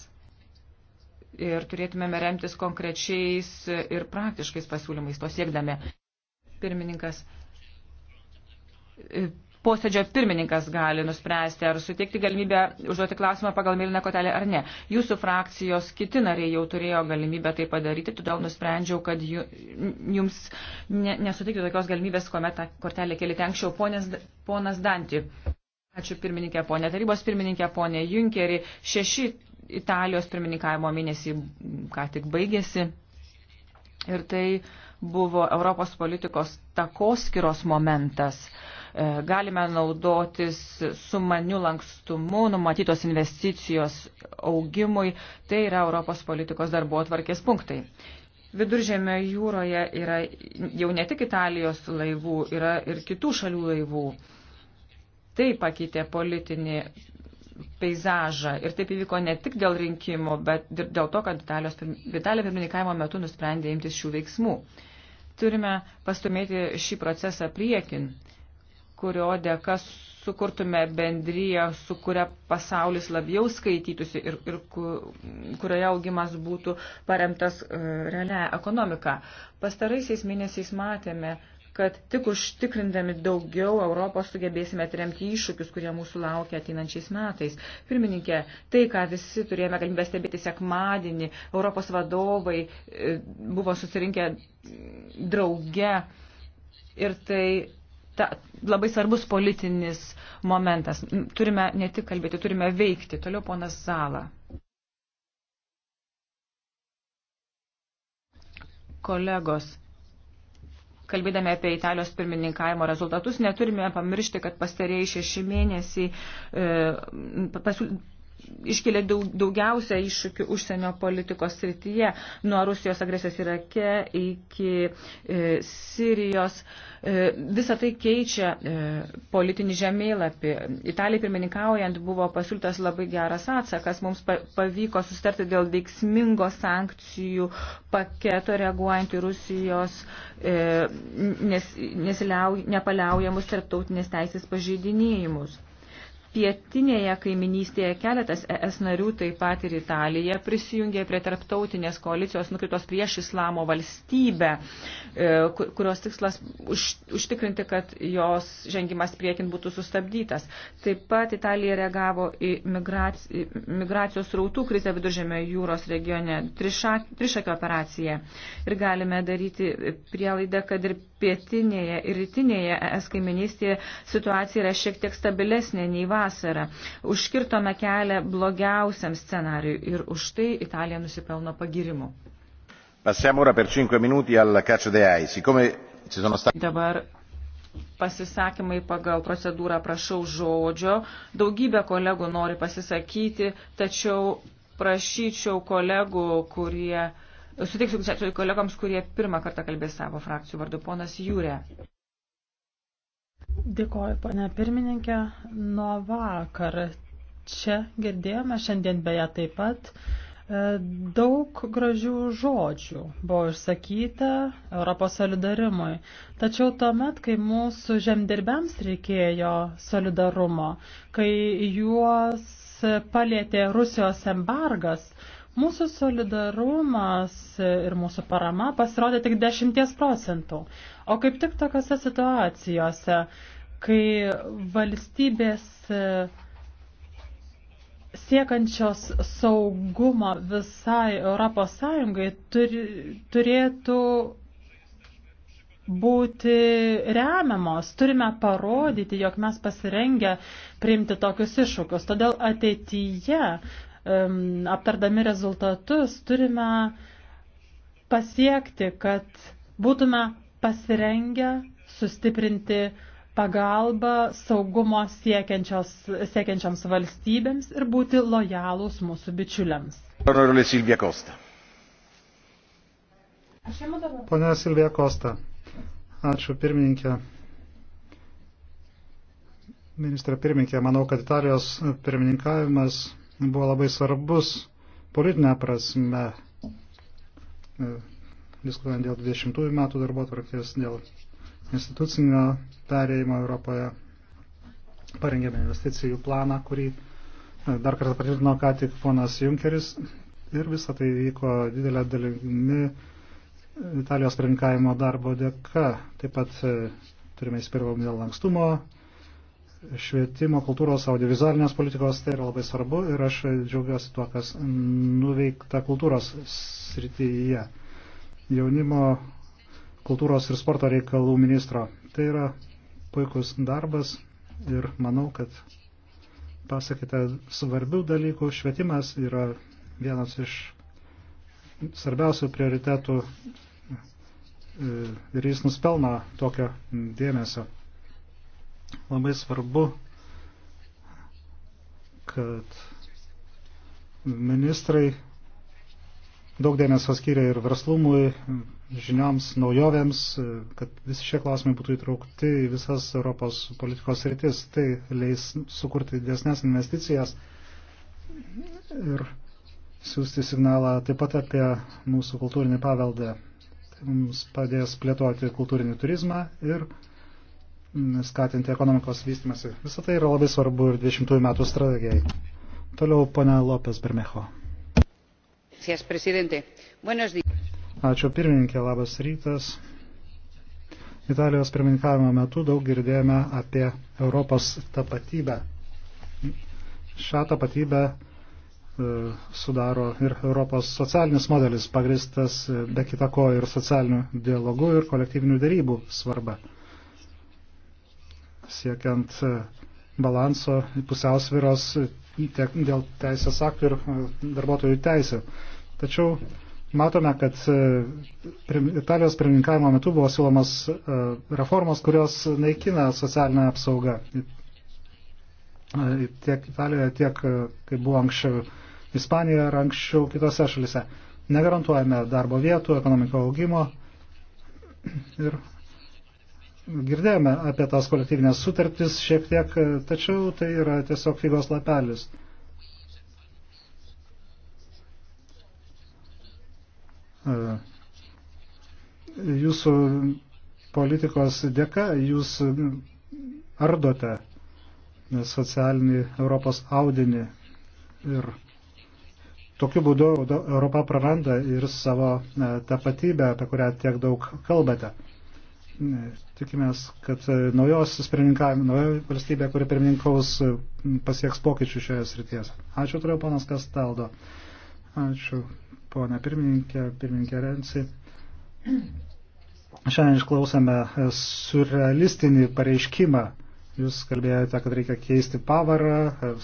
ir turėtumėme remtis konkrečiais ir praktiškais pasiūlymais to siekdami. Pirmininkas. Posėdžio pirmininkas gali nuspręsti, ar suteikti galimybę užduoti klausimą pagal mėlyną kotelę ar ne. Jūsų frakcijos kiti nariai jau turėjo galimybę tai padaryti, todėl nusprendžiau, kad jums nesuteikti tokios galimybės, kuomet tą kortelę kelite anksčiau. Ponas, ponas Danti. Ačiū pirmininkė, ponė tarybos pirmininkė, ponė Junkerį. Šeši Italijos pirmininkavimo mėnesį ką tik baigėsi. Ir tai buvo Europos politikos takoskiros momentas. E, galime naudotis sumaniu lankstumu, numatytos investicijos augimui. Tai yra Europos politikos darbo atvarkės punktai. Viduržėmio jūroje yra jau ne tik Italijos laivų, yra ir kitų šalių laivų. Tai pakeitė politinį peizažą. Ir taip įvyko ne tik dėl rinkimų, bet ir dėl to, kad Vitalija pirmininkavimo metu nusprendė imtis šių veiksmų. Turime pastumėti šį procesą priekin, kurio dėka sukurtume bendryją, su kuria pasaulis labiau skaitytųsi ir, ir kurioje augimas būtų paremtas e, realia ekonomika. Pastaraisiais mėnesiais matėme, kad tik užtikrindami daugiau Europos sugebėsime atremti iššūkius, kurie mūsų laukia ateinančiais metais. Pirmininkė, tai, ką visi turėjome galimybę stebėti sekmadienį, Europos vadovai e, buvo susirinkę drauge ir tai ta, labai svarbus politinis momentas. Turime ne tik kalbėti, turime veikti. Toliau ponas Zala. Kolegos, kalbėdami apie Italijos pirmininkavimo rezultatus, neturime pamiršti, kad pastarėjai šeši mėnesiai e, pasiūl, iškelia daug, daugiausia iššūkių užsienio politikos srityje, nuo Rusijos agresijos Irake iki e, Sirijos. E, visa tai keičia e, politinį žemėlapį. Italijai pirmininkaujant buvo pasiūlytas labai geras atsakas. Mums pa, pavyko sustarti dėl veiksmingo sankcijų paketo reaguojant į Rusijos e, nes, nesiliau, nepaliaujamus tarptautinės teisės pažeidinėjimus pietinėje kaiminystėje keletas ES narių, taip pat ir Italija, prisijungė prie tarptautinės koalicijos nukritos prieš islamo valstybę, e, kurios tikslas už, užtikrinti, kad jos žengimas priekin būtų sustabdytas. Taip pat Italija reagavo į migrac, migracijos rautų krizę viduržėmio jūros regione, trišakio operaciją. Ir galime daryti prielaidą, kad ir pietinėje ir rytinėje es kaiminystėje situacija yra šiek tiek stabilesnė nei vasara. Užkirtome kelią blogiausiam scenariui ir už tai Italija nusipelno pagirimų. Dabar pasisakymai pagal procedūrą prašau žodžio. Daugybė kolegų nori pasisakyti, tačiau prašyčiau kolegų, kurie Sutiksiu keturių kolegoms, kurie pirmą kartą kalbės savo frakcijų vardu. Ponas Jūrė. Dėkoju, pane pirmininkė. Nuo vakar čia girdėjome, šiandien beje taip pat, e, Daug gražių žodžių buvo išsakyta Europos solidarimui, tačiau tuomet, kai mūsų žemdirbiams reikėjo solidarumo, kai juos palėtė Rusijos embargas, Mūsų solidarumas ir mūsų parama pasirodė tik 10 procentų. O kaip tik tokiose situacijose, kai valstybės e, siekančios saugumo visai Europos Sąjungai turi, turėtų būti remiamos. Turime parodyti, jog mes pasirengę priimti tokius iššūkius. Todėl ateityje aptardami rezultatus, turime pasiekti, kad būtume pasirengę sustiprinti pagalbą saugumo siekiančioms valstybėms ir būti lojalūs mūsų bičiuliams. Pone Silvija Kosta, ačiū pirmininkė. Ministra pirmininkė, manau, kad Italijos pirmininkavimas buvo labai svarbus politinė prasme, e, diskutuojant dėl 20 metų darbo tvarkės, dėl institucinio perėjimo Europoje. Parengėme investicijų planą, kurį e, dar kartą patvirtino ką tik ponas Junkeris ir visą tai vyko didelę dalimi Italijos pirmininkavimo darbo dėka. Taip pat e, turime įspirvom dėl lankstumo švietimo, kultūros, audiovizualinės politikos, tai yra labai svarbu ir aš džiaugiuosi tuo, kas nuveikta kultūros srityje. Jaunimo kultūros ir sporto reikalų ministro. Tai yra puikus darbas ir manau, kad pasakite svarbių dalykų. Švietimas yra vienas iš svarbiausių prioritetų e, ir jis nuspelno tokio dėmesio. Labai svarbu, kad ministrai daug dėmesio skiria ir verslumui, žinioms, naujovėms, kad visi šie klausimai būtų įtraukti į visas Europos politikos rytis. Tai leis sukurti didesnės investicijas ir siūsti signalą taip pat apie mūsų kultūrinį paveldą. Tai mums padės plėtoti kultūrinį turizmą ir skatinti ekonomikos vystimasi. Visą tai yra labai svarbu ir 20 metų strategijai. Toliau ponia Lopes Bermejo. Ačiū pirmininkė, labas rytas. Italijos pirmininkavimo metu daug girdėjome apie Europos tapatybę. Šią tapatybę e, sudaro ir Europos socialinis modelis, pagristas e, be kitako ir socialinių dialogų ir kolektyvinių darybų svarba siekiant e, balanso pusiausviros e, dėl teisės aktų ir e, darbuotojų teisė. Tačiau matome, kad Italijos pirmininkavimo metu buvo siūlomas reformos, kurios naikina socialinę apsaugą. Tiek Italijoje, tiek, kaip buvo anksčiau, Ispanijoje ar anksčiau kitose šalise. Negarantuojame darbo vietų, ekonomiko augimo ir girdėjome apie tas kolektyvinės sutartis šiek tiek, tačiau tai yra tiesiog figos lapelis. E, Jūsų politikos dėka jūs ardote socialinį Europos audinį ir tokiu būdu Europa praranda ir savo e, tapatybę, apie kurią tiek daug kalbate e, Tikimės, kad e, naujos pirmininkavimo, nauja valstybė, kuri pirmininkaus, e, pasieks pokyčių šioje srities. Ačiū, turiu panas Kastaldo. Ačiū, ponė pirmininkė, pirmininkė Renci. Šiandien išklausėme e, surrealistinį pareiškimą. Jūs kalbėjote, kad reikia keisti pavarą,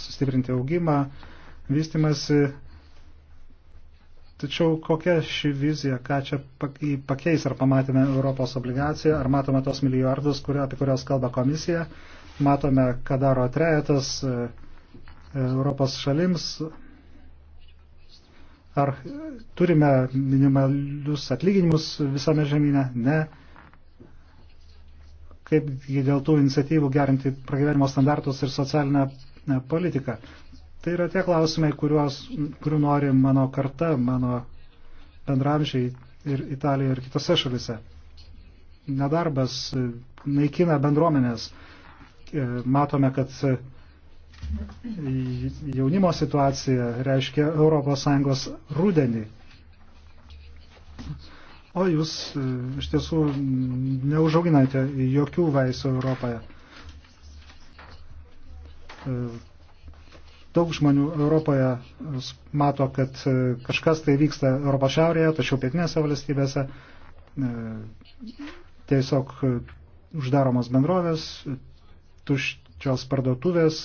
sustiprinti augimą, vystimasi Tačiau kokia ši vizija, ką čia pakeis, ar pamatėme Europos obligaciją, ar matome tos milijardus, kurio, apie kurios kalba komisija, matome, ką daro trejetas e, e, Europos šalims, ar turime minimalius atlyginimus visame žemynė, ne. Kaip dėl tų iniciatyvų gerinti pragyvenimo standartus ir socialinę e, politiką. Tai yra tie klausimai, kuriuos, kurių nori mano karta, mano bendramžiai ir Italijoje ir kitose šalise. Nedarbas naikina bendruomenės. E, matome, kad jaunimo situacija reiškia ES rudenį. O jūs e, iš tiesų neužauginate jokių vaisių Europoje. E, Daug žmonių Europoje e, mato, kad e, kažkas tai vyksta Europos šiaurėje, tačiau pietinėse valstybėse e, tiesiog uždaromos bendrovės, tuščios parduotuvės,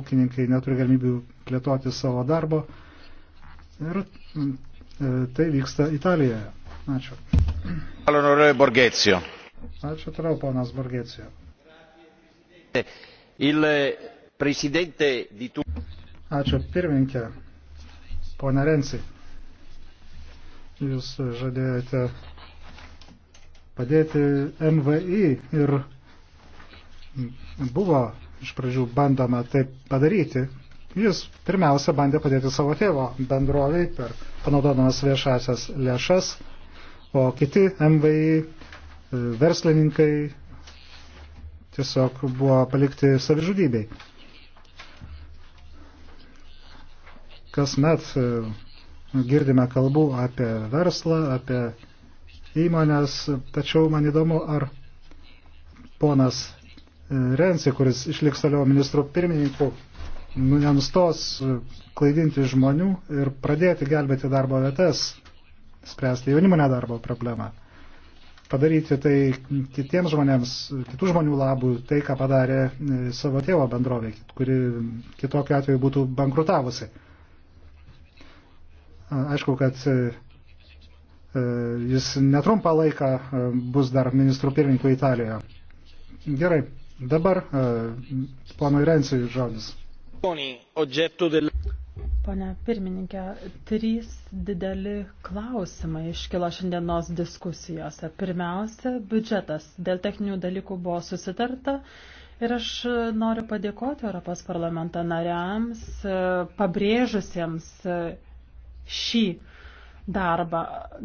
ūkininkai neturi galimybių plėtoti savo darbo. Ir tai vyksta Italijoje. Ačiū. Ačiū toliau, ponas Borgecijo. Il presidente di Turchia Ačiū pirminkė. Pone Rensi, jūs žadėjote padėti MVI ir buvo iš pradžių bandoma taip padaryti. Jis pirmiausia bandė padėti savo tėvo bendroviai per panaudodamas viešasias lėšas, o kiti MVI e, verslininkai tiesiog buvo palikti savižudybei. kasmet e, girdime kalbų apie verslą, apie įmonės, tačiau man įdomu, ar ponas e, Rensi, kuris išliks toliau ministrų pirmininku, nu, nenustos e, klaidinti žmonių ir pradėti gelbėti darbo vietas, spręsti jaunimo nedarbo problemą, padaryti tai kitiems žmonėms, kitų žmonių labų, tai, ką padarė savo tėvo bendrovė, kuri kitokiu atveju būtų bankrutavusi. Aišku, kad e, e, jis netrumpą laiką e, bus dar ministrų pirmininkų Italijoje. Gerai, dabar planui Rencijui žodis. Pane pirmininkė, trys dideli klausimai iškilo šiandienos diskusijose. Pirmiausia, biudžetas. Dėl techninių dalykų buvo susitarta. Ir aš noriu padėkoti Europos parlamento nariams, pabrėžusiems šį darbą.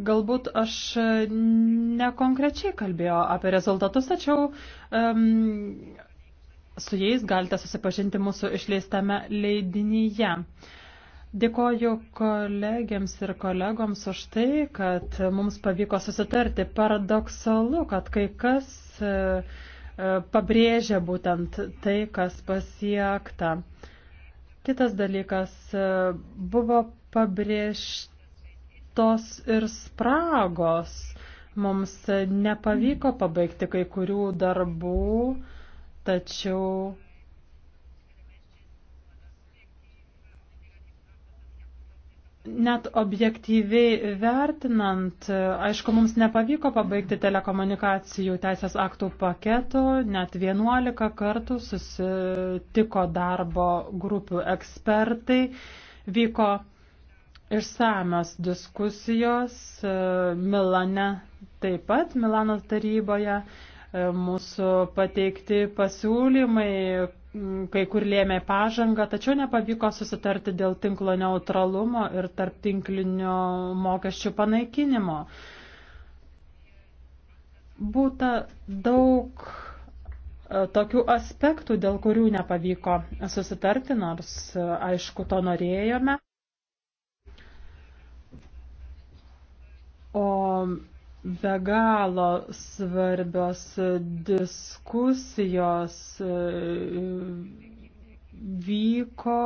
Galbūt aš e, nekonkrečiai kalbėjau apie rezultatus, tačiau um, su jais galite susipažinti mūsų išleistame leidinyje. Dėkoju kolegiams ir kolegoms už tai, kad mums pavyko susitarti. Paradoksalu, kad kai kas e, e, pabrėžia būtent tai, kas pasiekta. Kitas dalykas buvo pabrėžtos ir spragos. Mums nepavyko pabaigti kai kurių darbų, tačiau Net objektyviai vertinant, aišku, mums nepavyko pabaigti telekomunikacijų teisės aktų paketo, net 11 kartų susitiko darbo grupių ekspertai, vyko išsamios diskusijos e, Milane taip pat, Milano taryboje. E, mūsų pateikti pasiūlymai, kai kur lėmė pažangą, tačiau nepavyko susitarti dėl tinklo neutralumo ir tarp tinklinio mokesčių panaikinimo. Būta daug e, tokių aspektų, dėl kurių nepavyko susitarti, nors aišku, to norėjome. O be galo svarbios diskusijos e, vyko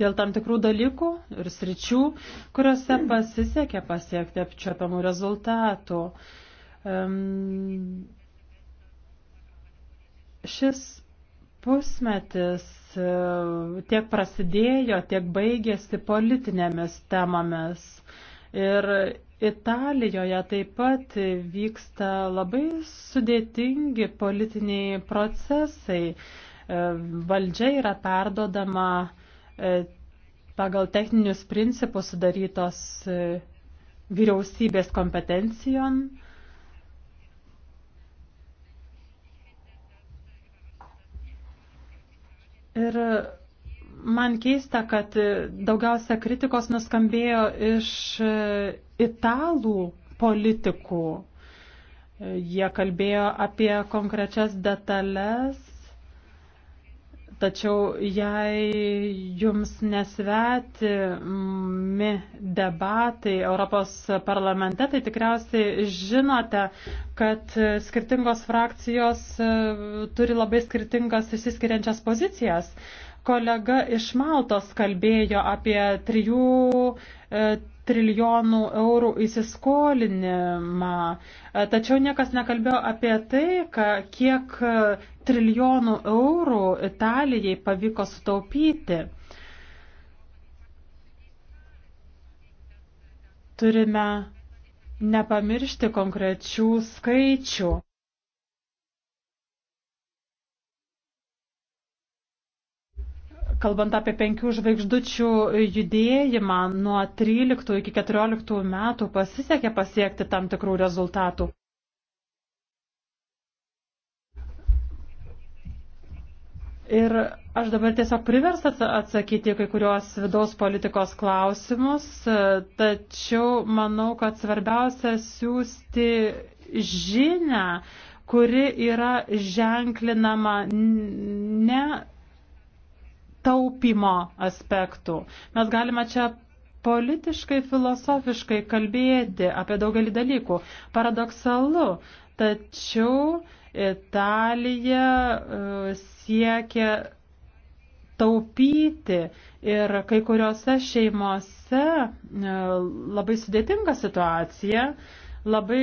dėl tam tikrų dalykų ir sričių, kuriuose pasisekė pasiekti apčiopiamų rezultatų. Um, šis pusmetis e, tiek prasidėjo, tiek baigėsi politinėmis temomis. Uh, Ir Italijoje taip pat vyksta labai sudėtingi politiniai procesai. E, valdžia yra perdodama e, pagal techninius principus sudarytos e, vyriausybės kompetencijon. Ir Man keista, kad daugiausia kritikos nuskambėjo iš e, italų politikų. E, jie kalbėjo apie konkrečias detalės, tačiau jei jums nesvetimi debatai Europos parlamente, tai tikriausiai žinote, kad skirtingos frakcijos e, turi labai skirtingas išsiskiriančias pozicijas. Kolega iš Maltos kalbėjo apie 3 e, trilijonų eurų įsiskolinimą, e, tačiau niekas nekalbėjo apie tai, kiek trilijonų eurų Italijai pavyko sutaupyti. Turime nepamiršti konkrečių skaičių. kalbant apie penkių žvaigždučių judėjimą, nuo 13 iki 14 metų pasisekė pasiekti tam tikrų rezultatų. Ir aš dabar tiesiog priversas atsakyti kai kuriuos vidaus politikos klausimus, tačiau manau, kad svarbiausia siūsti žinę, kuri yra ženklinama ne taupimo aspektų. Mes galime čia politiškai, filosofiškai kalbėti apie daugelį dalykų. Paradoksalu, tačiau Italija e, siekia taupyti ir kai kuriuose šeimose e, labai sudėtinga situacija, labai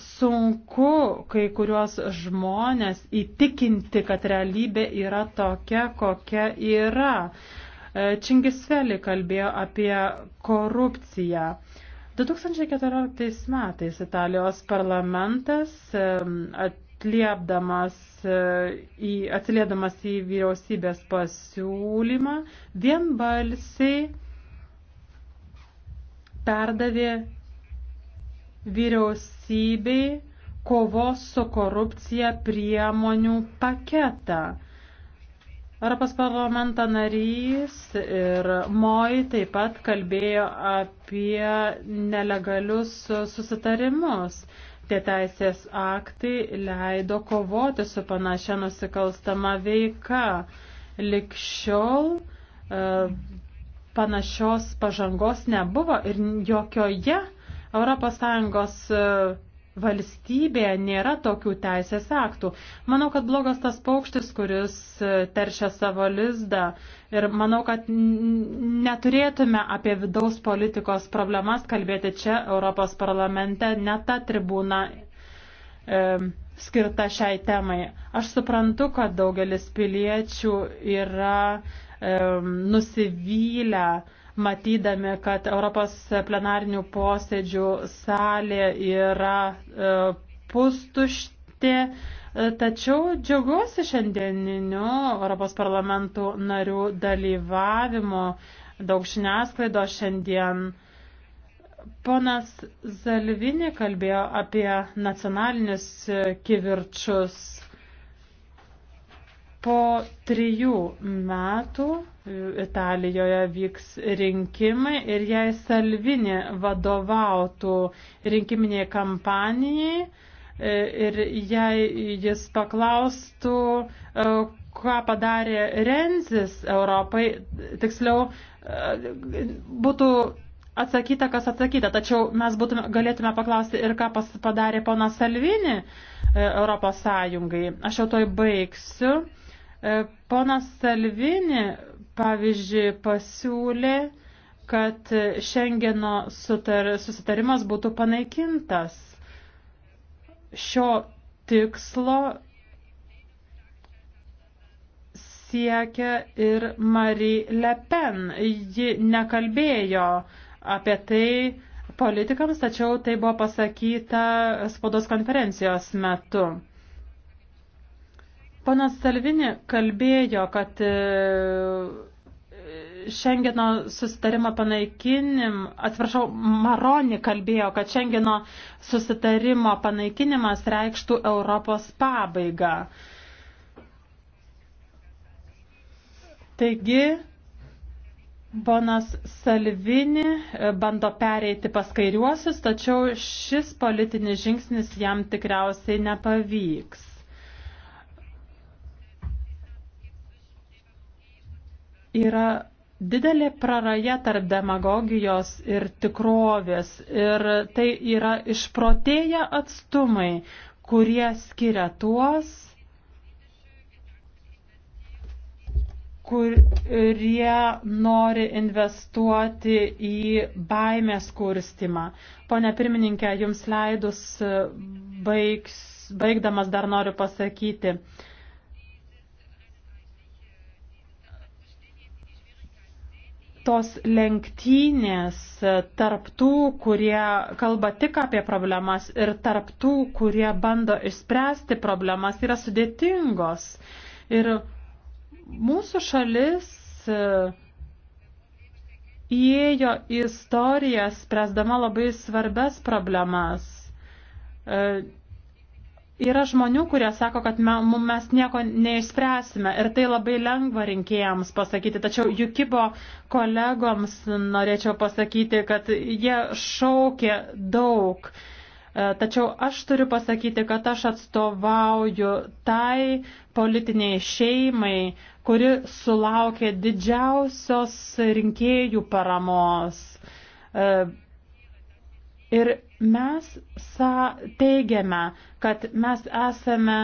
sunku kai kuriuos žmonės įtikinti, kad realybė yra tokia, kokia yra. E, Čingisveli kalbėjo apie korupciją. 2014 metais Italijos parlamentas e, atliepdamas e, į, atsiliedamas į vyriausybės pasiūlymą vienbalsiai perdavė vyriausybei kovos su korupcija priemonių paketą. Europos parlamento narys ir Moj taip pat kalbėjo apie nelegalius susitarimus. Tie teisės aktai leido kovoti su panašia nusikalstama veika. Likščiol e, panašios pažangos nebuvo ir jokioje ES e, valstybėje nėra tokių teisės aktų. Manau, kad blogas tas paukštis, kuris e, teršia savo lizdą ir manau, kad neturėtume apie vidaus politikos problemas kalbėti čia Europos parlamente, ne ta tribūna. E, skirta šiai temai. Aš suprantu, kad daugelis piliečių yra e, nusivylę e, matydami, kad Europos plenarinių posėdžių salė yra e, pustuštė. E, tačiau džiaugiuosi šiandieniniu Europos parlamentų narių dalyvavimu, daug žiniasklaido šiandien. Ponas Zalvini kalbėjo apie nacionalinius kivirčius. Po trijų metų e, Italijoje vyks rinkimai ir jei Salvini vadovautų rinkiminiai kampanijai e, ir jei jis paklaustų, e, ką padarė Renzis Europai, tiksliau būtų atsakyta, kas atsakyta. Tačiau mes būtume, galėtume paklausti ir ką pas, padarė ponas Salvini Europos Sąjungai. Aš jau toj baigsiu. E, ponas Salvini, pavyzdžiui, pasiūlė, kad Šengeno sutar, susitarimas būtų panaikintas. Šio tikslo siekia ir Marie Le Pen. Ji nekalbėjo apie tai politikams, tačiau tai buvo pasakyta spaudos konferencijos metu. Panas Salvini kalbėjo, kad e, Šengeno susitarimą panaikinimas, atsiprašau, Maroni kalbėjo, kad Šengeno susitarimo panaikinimas reikštų Europos pabaigą. Taigi, Bonas Salvini e, bando pereiti pas kairiuosius, tačiau šis politinis žingsnis jam tikriausiai nepavyks. yra didelė praraja tarp demagogijos ir tikrovės. Ir tai yra išprotėję atstumai, kurie skiria tuos, kurie nori investuoti į baimės kurstimą. Pone pirmininkė, jums leidus baigs, baigdamas dar noriu pasakyti, uh, tos lenktynės tarptų, kurie kalba tik apie problemas ir tarptų, kurie bando išspręsti problemas, yra sudėtingos. Ir mūsų šalis e, įėjo į istoriją, spręsdama labai svarbes problemas. E, Yra žmonių, kurie sako, kad mes nieko neišspręsime ir tai labai lengva rinkėjams pasakyti, tačiau Jukibo kolegoms norėčiau pasakyti, kad jie šaukė daug. E, tačiau aš turiu pasakyti, kad aš atstovauju tai politiniai šeimai, kuri sulaukė didžiausios rinkėjų paramos. E, ir Mes sa teigiame, kad mes esame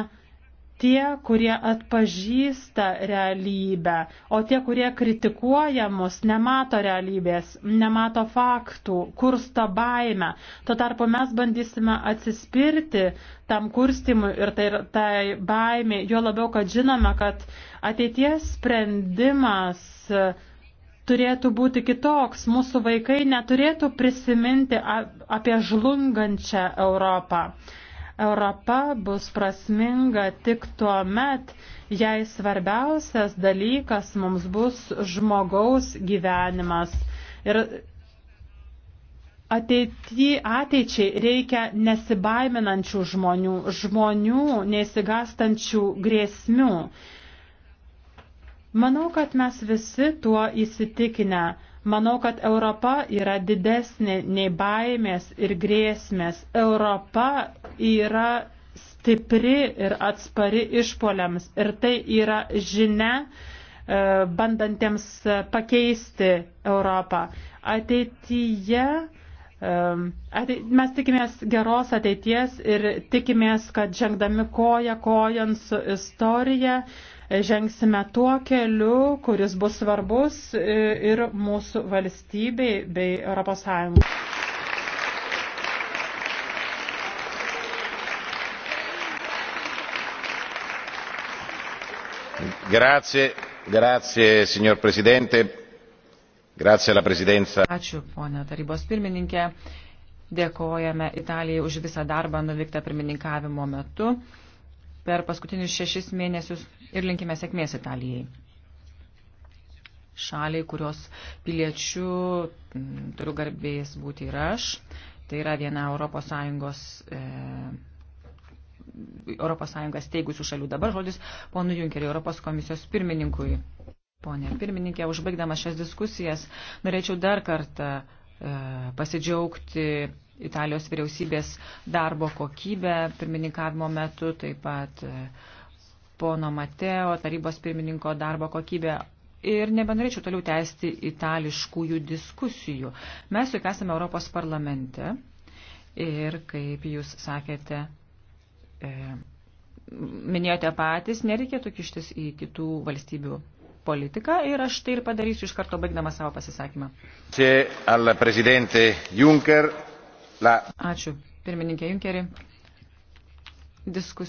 tie, kurie atpažįsta realybę, o tie, kurie kritikuoja mus, nemato realybės, nemato faktų, kursto baimę. Tuo tarpu mes bandysime atsispirti tam kurstimui ir tai, tai baimė, jo labiau, kad žinome, kad ateities sprendimas uh, turėtų būti kitoks. Mūsų vaikai neturėtų prisiminti apie žlungančią Europą. Europa bus prasminga tik tuo met, jei svarbiausias dalykas mums bus žmogaus gyvenimas. Ir ateity, ateičiai reikia nesibaiminančių žmonių, žmonių neįsigastančių grėsmių. Manau, kad mes visi tuo įsitikinę. Manau, kad Europa yra didesnė nei baimės ir grėsmės. Europa yra stipri ir atspari išpoliams. Ir tai yra žinia e, bandantiems pakeisti Europą. Ateityje e, mes tikimės geros ateities ir tikimės, kad žengdami koja kojon su istorija Žengsime tuo keliu, kuris bus svarbus e, ir mūsų valstybei bei ES. Grazie, grazie signor Presidente, grazie alla Presidenza. Ačiū, ponia tarybos pirmininkė. Dėkojame Italijai už visą darbą nuvyktą pirmininkavimo metu. Per paskutinius šešis mėnesius ir linkime sėkmės Italijai. Šaliai, kurios piliečių turiu garbės būti ir aš, tai yra viena Europos Sąjungos, e, Europos Sąjungas teigusių šalių. Dabar žodis ponu Junkeriu, Europos komisijos pirmininkui. Pone pirmininkė, užbaigdamas šias diskusijas, norėčiau dar kartą e, pasidžiaugti Italijos vyriausybės darbo kokybę pirmininkavimo metu, taip pat e, pono Mateo, tarybos pirmininko darbo kokybė. Ir nebenorėčiau toliau tęsti itališkųjų diskusijų. Mes juk esame Europos parlamente ir, kaip jūs sakėte, e, minėjote patys, nereikėtų kištis į kitų valstybių politiką ir aš tai ir padarysiu iš karto baigdama savo pasisakymą. Ačiū, pirmininkė Junkeri. Diskus